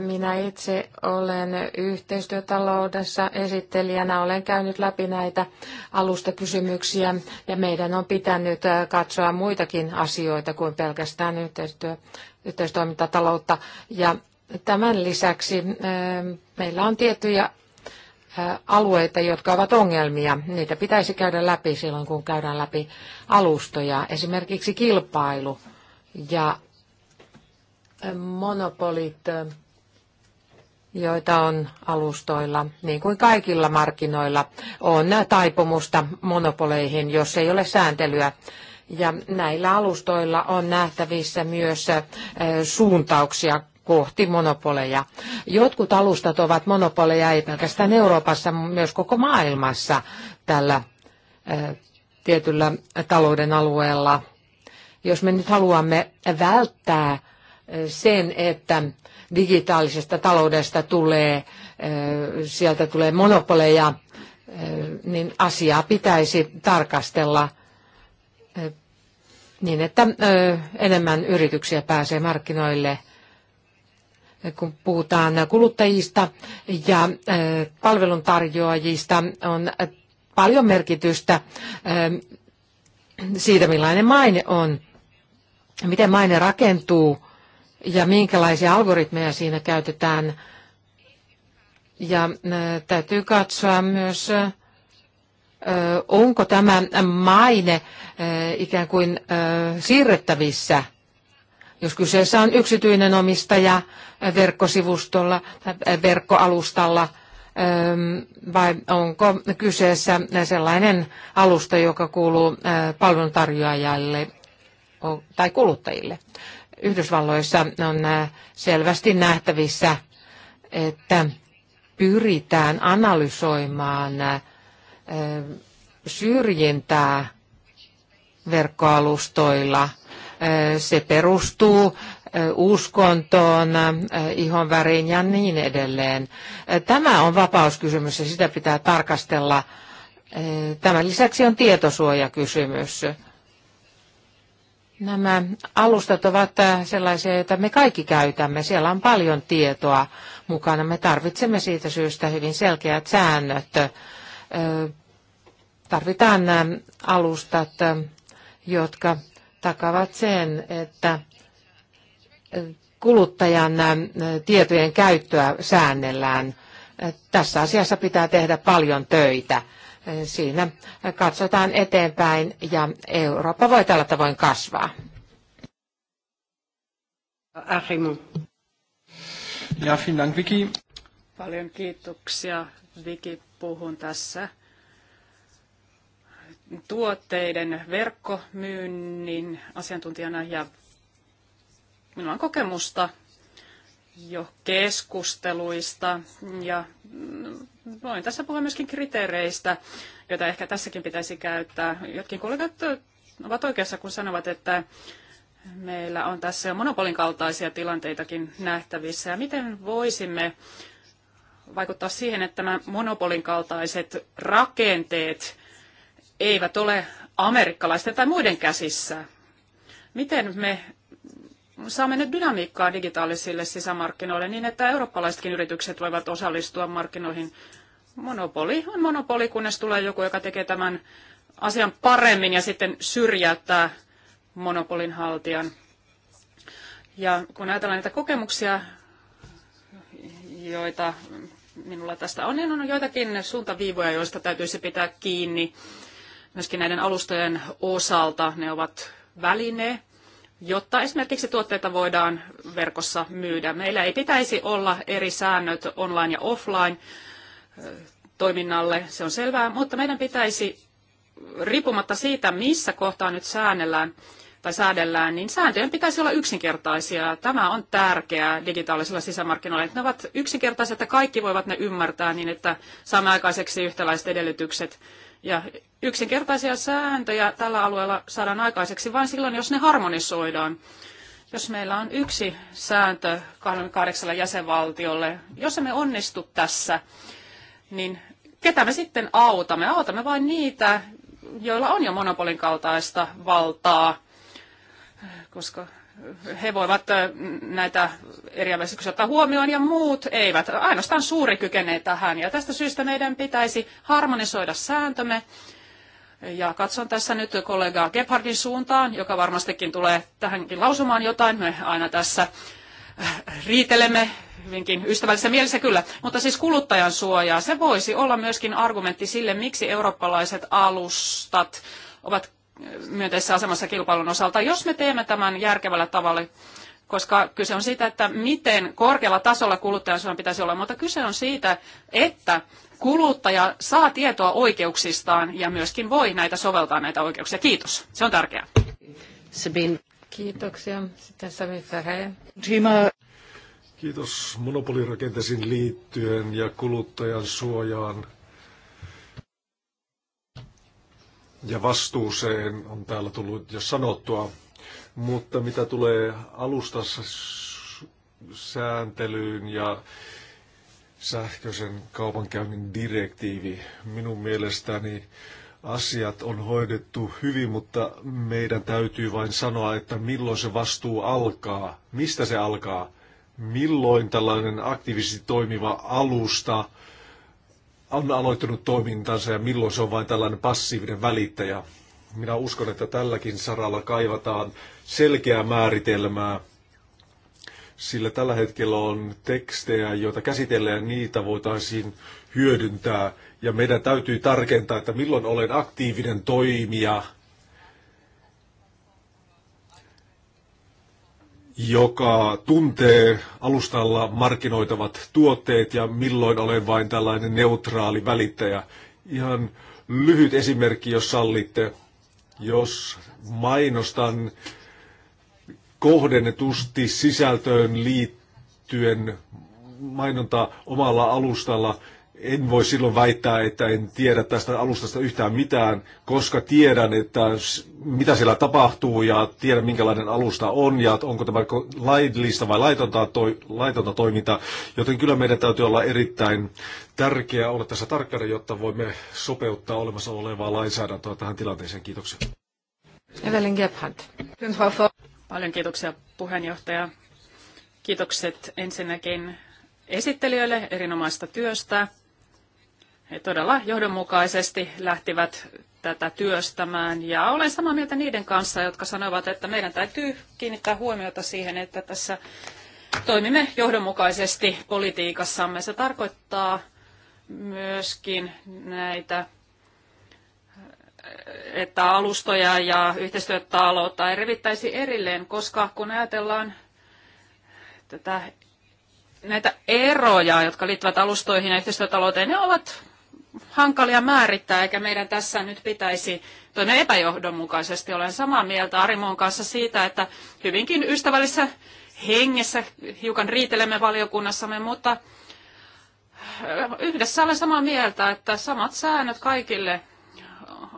Minä itse olen yhteistyötaloudessa esittelijänä. Olen käynyt läpi näitä alustakysymyksiä ja meidän on pitänyt katsoa muitakin asioita kuin pelkästään yhteistyö, yhteistoimintataloutta. Ja tämän lisäksi meillä on tiettyjä alueita, jotka ovat ongelmia. Niitä pitäisi käydä läpi silloin, kun käydään läpi alustoja, esimerkiksi kilpailu ja monopolit, joita on alustoilla, niin kuin kaikilla markkinoilla, on taipumusta monopoleihin, jos ei ole sääntelyä. Ja näillä alustoilla on nähtävissä myös suuntauksia kohti monopoleja. Jotkut alustat ovat monopoleja ei pelkästään Euroopassa, myös koko maailmassa tällä tietyllä talouden alueella. Jos me nyt haluamme välttää sen, että digitaalisesta taloudesta tulee, sieltä tulee monopoleja, niin asiaa pitäisi tarkastella niin, että enemmän yrityksiä pääsee markkinoille, kun puhutaan kuluttajista ja palveluntarjoajista, on paljon merkitystä siitä, millainen maine on, miten maine rakentuu ja minkälaisia algoritmeja siinä käytetään. Ja äh, täytyy katsoa myös, äh, onko tämä maine äh, ikään kuin siirrettävissä, jos kyseessä on yksityinen omistaja verkkosivustolla tai verkkoalustalla, ähm, vai onko kyseessä sellainen alusta, joka kuuluu palveluntarjoajalle tai kuluttajille. Yhdysvalloissa on äh, selvästi nähtävissä, että pyritään analysoimaan äh, syrjintää verkkoalustoilla. Äh, se perustuu uskontoon, ihonväriin ja niin edelleen. Tämä on vapauskysymys ja sitä pitää tarkastella. Tämän lisäksi on tietosuojakysymys. Nämä alustat ovat äh, sellaisia, joita me kaikki käytämme. Siellä on paljon tietoa mukana. Me tarvitsemme siitä syystä hyvin selkeät säännöt. Tarvitaan äh, alustat, äh, jotka takavat sen, että kuluttajan tietojen käyttöä säännellään. Tässä asiassa pitää tehdä paljon töitä. Siinä katsotaan eteenpäin ja Eurooppa voi tällä tavoin kasvaa. Arimo. Ja, vielen Dank, Vicky. Paljon kiitoksia. Viki, puhun tässä tuotteiden verkkomyynnin asiantuntijana ja minulla on kokemusta jo keskusteluista ja voin tässä puhua myöskin kriteereistä, joita ehkä tässäkin pitäisi käyttää. Jotkin kollegat ovat oikeassa, kun sanovat, että meillä on tässä jo monopolin kaltaisia tilanteitakin nähtävissä. Ja miten voisimme vaikuttaa siihen, että nämä monopolin kaltaiset rakenteet eivät ole amerikkalaisten tai muiden käsissä? Miten me saamme nyt dynamiikkaa digitaalisille sisämarkkinoille niin, että eurooppalaisetkin yritykset voivat osallistua markkinoihin monopoli on monopoli, kunnes tulee joku, joka tekee tämän asian paremmin ja sitten syrjäyttää monopolin haltijan. Ja kun ajatellaan niitä kokemuksia, joita minulla tästä on, niin on joitakin suuntaviivoja, joista täytyisi pitää kiinni myöskin näiden alustojen osalta. Ne ovat väline, jotta esimerkiksi tuotteita voidaan verkossa myydä. Meillä ei pitäisi olla eri säännöt online ja offline, toiminnalle, se on selvää, mutta meidän pitäisi riippumatta siitä, missä kohtaa nyt säännellään tai säädellään, niin sääntöjen pitäisi olla yksinkertaisia. Tämä on tärkeää digitaalisilla sisämarkkinoilla, että ne ovat yksinkertaisia, että kaikki voivat ne ymmärtää niin, että saamme aikaiseksi yhtäläiset edellytykset. Ja yksinkertaisia sääntöjä tällä alueella saadaan aikaiseksi vain silloin, jos ne harmonisoidaan jos meillä on yksi sääntö 28 jäsenvaltiolle, jos emme onnistu tässä, niin ketä me sitten autamme? Autamme vain niitä, joilla on jo monopolin kaltaista valtaa, koska he voivat näitä eriäväisyyksiä ottaa huomioon ja muut eivät. Ainoastaan suuri kykenee tähän ja tästä syystä meidän pitäisi harmonisoida sääntömme. Ja katson tässä nyt kollegaa Gebhardin suuntaan, joka varmastikin tulee tähänkin lausumaan jotain. Me aina tässä riitelemme hyvinkin ystävällisessä mielessä kyllä, mutta siis kuluttajan suojaa. Se voisi olla myöskin argumentti sille, miksi eurooppalaiset alustat ovat myönteisessä asemassa kilpailun osalta, jos me teemme tämän järkevällä tavalla, koska kyse on siitä, että miten korkealla tasolla kuluttajansuojan pitäisi olla, mutta kyse on siitä, että kuluttaja saa tietoa oikeuksistaan ja myöskin voi näitä soveltaa näitä oikeuksia. Kiitos. Se on tärkeää. Sabine. Kiitoksia. Sitten Sami Färe. Kiitos monopolirakenteisiin liittyen ja kuluttajan suojaan ja vastuuseen on täällä tullut jo sanottua. Mutta mitä tulee alustassa sääntelyyn ja sähköisen kaupankäynnin direktiivi, minun mielestäni asiat on hoidettu hyvin, mutta meidän täytyy vain sanoa, että milloin se vastuu alkaa, mistä se alkaa, milloin tällainen aktiivisesti toimiva alusta on aloittanut toimintansa ja milloin se on vain tällainen passiivinen välittäjä. Minä uskon, että tälläkin saralla kaivataan selkeää määritelmää sillä tällä hetkellä on tekstejä, joita käsitellään ja niitä voitaisiin hyödyntää. Ja meidän täytyy tarkentaa, että milloin olen aktiivinen toimija, joka tuntee alustalla markkinoitavat tuotteet ja milloin olen vain tällainen neutraali välittäjä. Ihan lyhyt esimerkki, jos sallitte. Jos mainostan kohdennetusti sisältöön liittyen mainonta omalla alustalla. En voi silloin väittää, että en tiedä tästä alustasta yhtään mitään, koska tiedän, että mitä siellä tapahtuu ja tiedän, minkälainen alusta on ja onko tämä laillista vai laitonta, toi, laitonta toimintaa. Joten kyllä meidän täytyy olla erittäin tärkeää olla tässä tarkkana, jotta voimme sopeuttaa olemassa olevaa lainsäädäntöä tähän tilanteeseen. Kiitoksia. Evelyn Gebhardt. Paljon kiitoksia puheenjohtaja. Kiitokset ensinnäkin esittelijöille erinomaista työstä. He todella johdonmukaisesti lähtivät tätä työstämään ja olen samaa mieltä niiden kanssa, jotka sanovat, että meidän täytyy kiinnittää huomiota siihen, että tässä toimimme johdonmukaisesti politiikassamme. Se tarkoittaa myöskin näitä että alustoja ja yhteistyötaloutta ei revittäisi erilleen, koska kun ajatellaan tätä, näitä eroja, jotka liittyvät alustoihin ja yhteistyötalouteen, ne ovat hankalia määrittää, eikä meidän tässä nyt pitäisi toinen epäjohdonmukaisesti. Olen samaa mieltä Arimoon kanssa siitä, että hyvinkin ystävällisessä hengessä hiukan riitelemme valiokunnassamme, mutta yhdessä olen samaa mieltä, että samat säännöt kaikille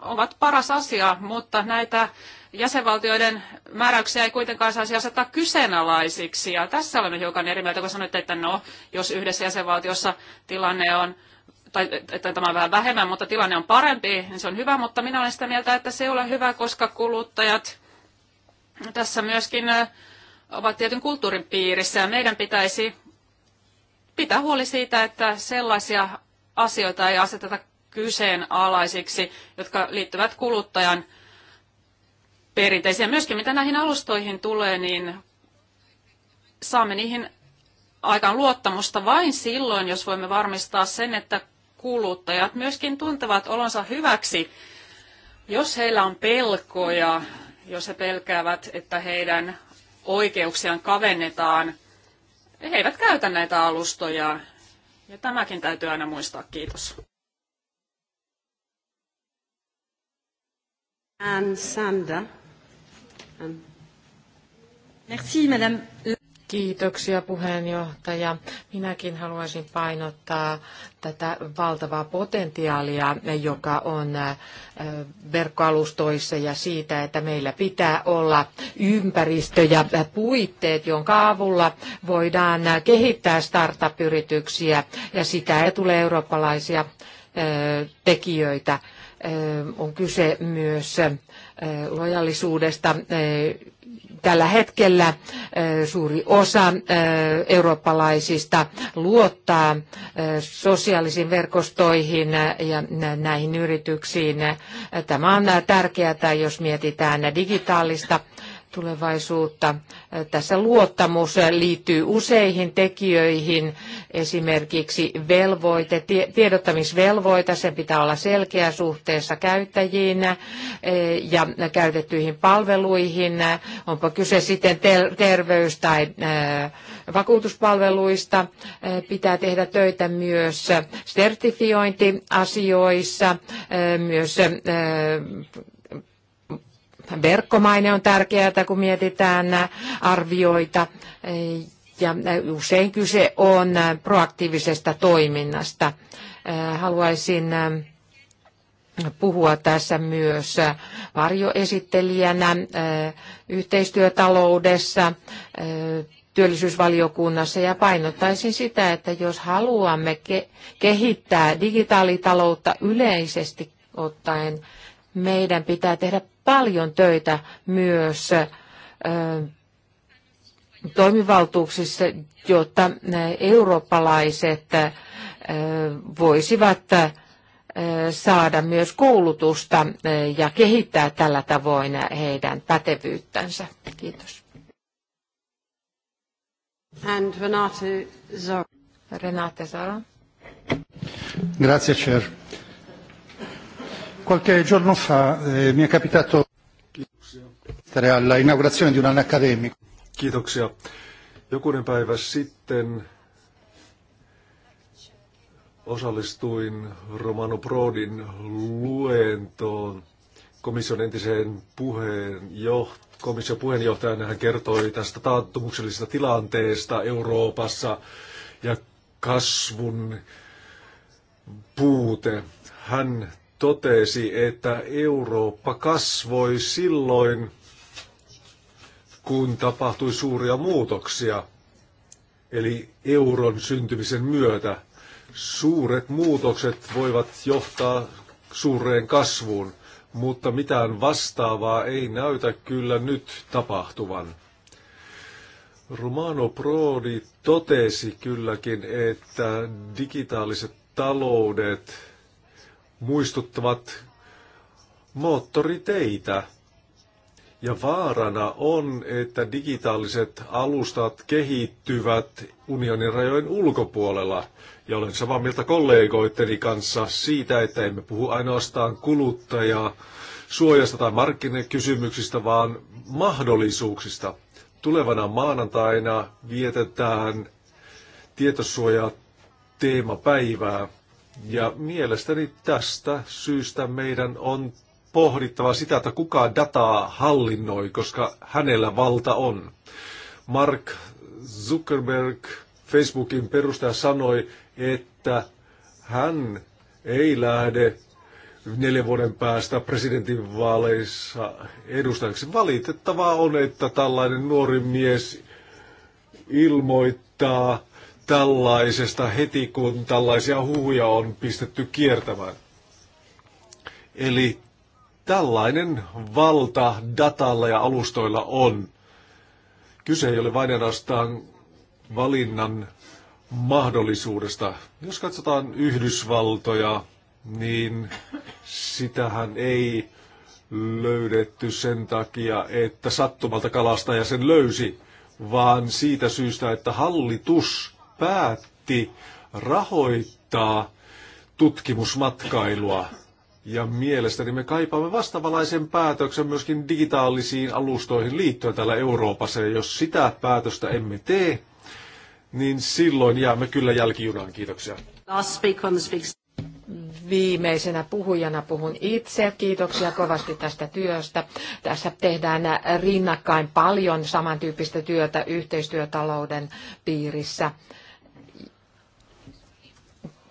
ovat paras asia, mutta näitä jäsenvaltioiden määräyksiä ei kuitenkaan saisi asettaa kyseenalaisiksi. Ja tässä olemme hiukan eri mieltä, kun sanoitte, että no, jos yhdessä jäsenvaltiossa tilanne on tai että tämä on vähän vähemmän, mutta tilanne on parempi, niin se on hyvä, mutta minä olen sitä mieltä, että se ei ole hyvä, koska kuluttajat tässä myöskin ovat tietyn kulttuurin piirissä ja meidän pitäisi pitää huoli siitä, että sellaisia asioita ei aseteta kyseenalaisiksi, jotka liittyvät kuluttajan perinteisiin. Myöskin mitä näihin alustoihin tulee, niin saamme niihin aikaan luottamusta vain silloin, jos voimme varmistaa sen, että kuluttajat myöskin tuntevat olonsa hyväksi, jos heillä on pelkoja, jos he pelkäävät, että heidän oikeuksiaan kavennetaan. He eivät käytä näitä alustoja, ja tämäkin täytyy aina muistaa. Kiitos. Ann Sander. Merci, madame. Kiitoksia puheenjohtaja. Minäkin haluaisin painottaa tätä valtavaa potentiaalia, joka on äh, verkkoalustoissa ja siitä, että meillä pitää olla ympäristö ja puitteet, jonka avulla voidaan äh, kehittää startup-yrityksiä ja sitä tulee eurooppalaisia äh, tekijöitä on kyse myös lojallisuudesta. Tällä hetkellä suuri osa eurooppalaisista luottaa sosiaalisiin verkostoihin ja näihin yrityksiin. Tämä on tärkeää, jos mietitään digitaalista tulevaisuutta. Tässä luottamus liittyy useihin tekijöihin, esimerkiksi velvoite, tiedottamisvelvoite, sen pitää olla selkeä suhteessa käyttäjiin eh, ja käytettyihin palveluihin, onpa kyse sitten terveys- tai eh, vakuutuspalveluista, eh, pitää tehdä töitä myös sertifiointiasioissa, myös verkkomaine on tärkeää, kun mietitään arvioita. Ja usein kyse on proaktiivisesta toiminnasta. Haluaisin puhua tässä myös varjoesittelijänä yhteistyötaloudessa työllisyysvaliokunnassa ja painottaisin sitä, että jos haluamme kehittää digitaalitaloutta yleisesti ottaen, meidän pitää tehdä paljon töitä myös toimivaltuuksissa, jotta eurooppalaiset voisivat saada myös koulutusta ja kehittää tällä tavoin heidän pätevyyttänsä. Kiitos. And Renate Zara. Renate Zara. Grazie, Chair. Qualche giorno fa eh, mi è capitato Kiitoksia. alla inaugurazione di un anno accademico. Kiitoksia. Jokunen päivä sitten osallistuin Romano Prodin luentoon komission entiseen puheenjohtajan komission puheenjohtajana hän kertoi tästä taantumuksellisesta tilanteesta Euroopassa ja kasvun puute. Hän totesi, että Eurooppa kasvoi silloin, kun tapahtui suuria muutoksia, eli euron syntymisen myötä. Suuret muutokset voivat johtaa suureen kasvuun, mutta mitään vastaavaa ei näytä kyllä nyt tapahtuvan. Romano Prodi totesi kylläkin, että digitaaliset taloudet muistuttavat moottoriteitä. Ja vaarana on, että digitaaliset alustat kehittyvät unionin rajojen ulkopuolella. Ja olen samaa mieltä kollegoitteni kanssa siitä, että emme puhu ainoastaan kuluttajaa suojasta tai markkinakysymyksistä, vaan mahdollisuuksista. Tulevana maanantaina vietetään tietosuoja teemapäivää. Ja mielestäni tästä syystä meidän on pohdittava sitä, että kuka dataa hallinnoi, koska hänellä valta on. Mark Zuckerberg, Facebookin perustaja, sanoi, että hän ei lähde neljän vuoden päästä presidentinvaaleissa edustajaksi. Valitettavaa on, että tällainen nuori mies ilmoittaa tällaisesta heti, kun tällaisia huhuja on pistetty kiertämään. Eli tällainen valta datalla ja alustoilla on. Kyse ei ole vain ainoastaan valinnan mahdollisuudesta. Jos katsotaan Yhdysvaltoja, niin sitähän ei löydetty sen takia, että sattumalta kalastaja sen löysi, vaan siitä syystä, että hallitus päätti rahoittaa tutkimusmatkailua. Ja mielestäni me kaipaamme vastaavanlaisen päätöksen myöskin digitaalisiin alustoihin liittyen täällä Euroopassa. Ja jos sitä päätöstä emme tee, niin silloin jäämme kyllä jälkijunaan. Kiitoksia. Viimeisenä puhujana puhun itse. Kiitoksia kovasti tästä työstä. Tässä tehdään rinnakkain paljon samantyyppistä työtä yhteistyötalouden piirissä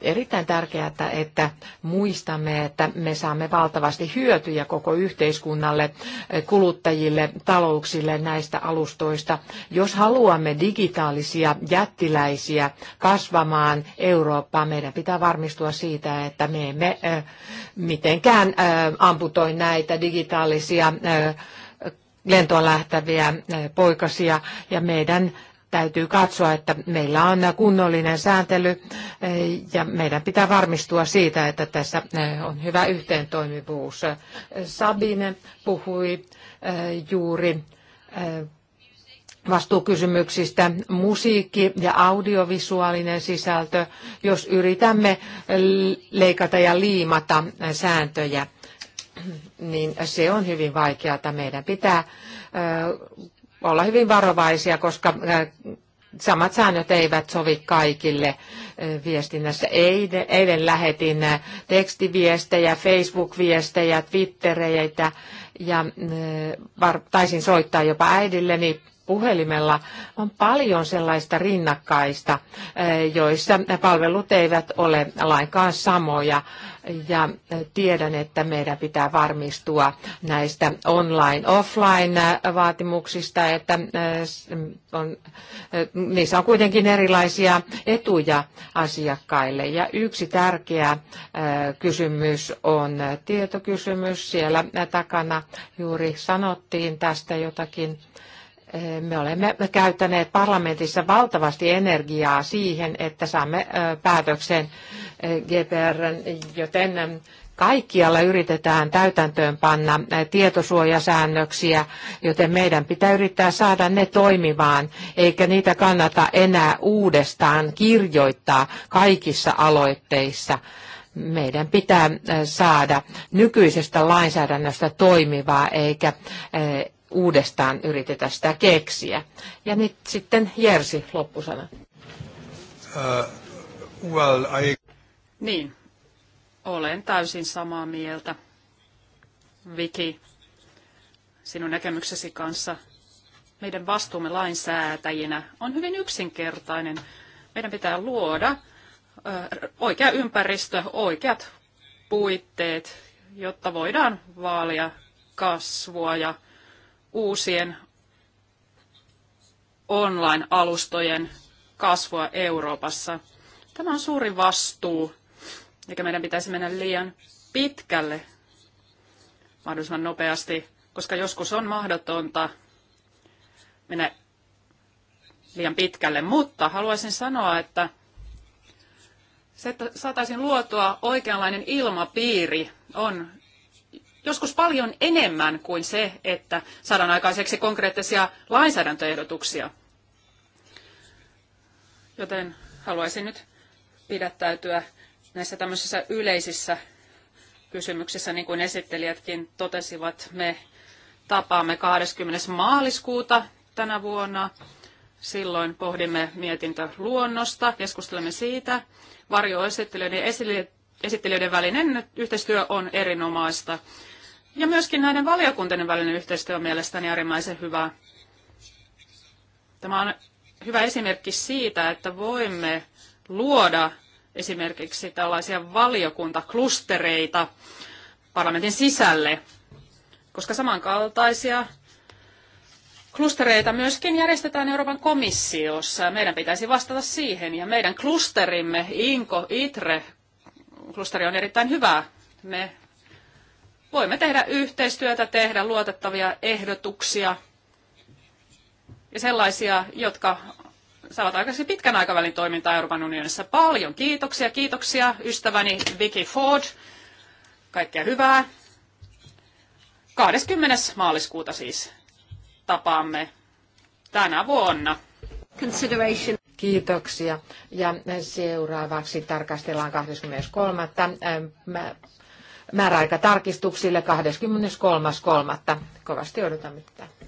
erittäin tärkeää, että muistamme, että me saamme valtavasti hyötyjä koko yhteiskunnalle, kuluttajille, talouksille näistä alustoista. Jos haluamme digitaalisia jättiläisiä kasvamaan Eurooppaan, meidän pitää varmistua siitä, että me emme mitenkään amputoi näitä digitaalisia lentoon lähteviä poikasia ja meidän täytyy katsoa, että meillä on kunnollinen sääntely eh, ja meidän pitää varmistua siitä, että tässä eh, on hyvä yhteentoimivuus. Sabine puhui eh, juuri vastuukysymyksistä musiikki ja audiovisuaalinen sisältö, jos yritämme leikata ja liimata sääntöjä, niin se on hyvin vaikeaa. Meidän pitää olla hyvin varovaisia, koska äh, samat säännöt eivät sovi kaikille äh, viestinnässä. Eilen lähetin äh, tekstiviestejä, Facebook-viestejä, Twittereitä ja taisin soittaa jopa äidilleni puhelimella on paljon sellaista rinnakkaista, eh, joissa palvelut eivät ole lainkaan samoja. Ja eh, tiedän, että meidän pitää varmistua näistä online-offline-vaatimuksista, eh, että on, niissä on kuitenkin erilaisia etuja asiakkaille. Ja yksi tärkeä kysymys on tietokysymys. Siellä takana juuri sanottiin tästä jotakin me olemme käyttäneet parlamentissa valtavasti energiaa siihen, että saamme päätöksen GPR, joten kaikkialla yritetään täytäntöön panna tietosuojasäännöksiä, joten meidän pitää yrittää saada ne toimimaan, eikä niitä kannata enää uudestaan kirjoittaa kaikissa aloitteissa. Meidän pitää saada nykyisestä lainsäädännöstä toimivaa, eikä uudestaan yritetä sitä keksiä. Ja nyt sitten Jersi loppusana. Uh, well, I... Niin, olen täysin samaa mieltä. Viki, sinun näkemyksesi kanssa meidän vastuumme lainsäätäjinä on hyvin yksinkertainen. Meidän pitää luoda uh, oikea ympäristö, oikeat puitteet, jotta voidaan vaalia kasvua ja uusien online-alustojen kasvua Euroopassa. Tämä on suuri vastuu, eikä meidän pitäisi mennä liian pitkälle mahdollisimman nopeasti, koska joskus on mahdotonta mennä liian pitkälle. Mutta haluaisin sanoa, että se, että saataisiin luotua oikeanlainen ilmapiiri, on joskus paljon enemmän kuin se, että saadaan aikaiseksi konkreettisia lainsäädäntöehdotuksia. Joten haluaisin nyt pidättäytyä näissä tämmöisissä yleisissä kysymyksissä, niin kuin esittelijätkin totesivat, me tapaamme 20. maaliskuuta tänä vuonna. Silloin pohdimme mietintöluonnosta, keskustelemme siitä. Varjoesittelijöiden ja esittelijöiden välinen yhteistyö on erinomaista. Ja myöskin näiden valiokuntien välinen yhteistyö on mielestäni äärimmäisen hyvä. Tämä on hyvä esimerkki siitä, että voimme luoda esimerkiksi tällaisia valiokuntaklustereita parlamentin sisälle, koska samankaltaisia klustereita myöskin järjestetään Euroopan komissiossa meidän pitäisi vastata siihen. Ja meidän klusterimme, INKO, ITRE, klusteri on erittäin hyvä. Me voimme tehdä yhteistyötä, tehdä luotettavia ehdotuksia ja sellaisia, jotka saavat aikaisemmin pitkän aikavälin toimintaa Euroopan unionissa. Paljon kiitoksia, kiitoksia ystäväni Vicky Ford. Kaikkea hyvää. 20. maaliskuuta siis tapaamme tänä vuonna. Kiitoksia. Ja seuraavaksi tarkastellaan 23 määräaikatarkistuksille 23.3. Kovasti odotamme tätä.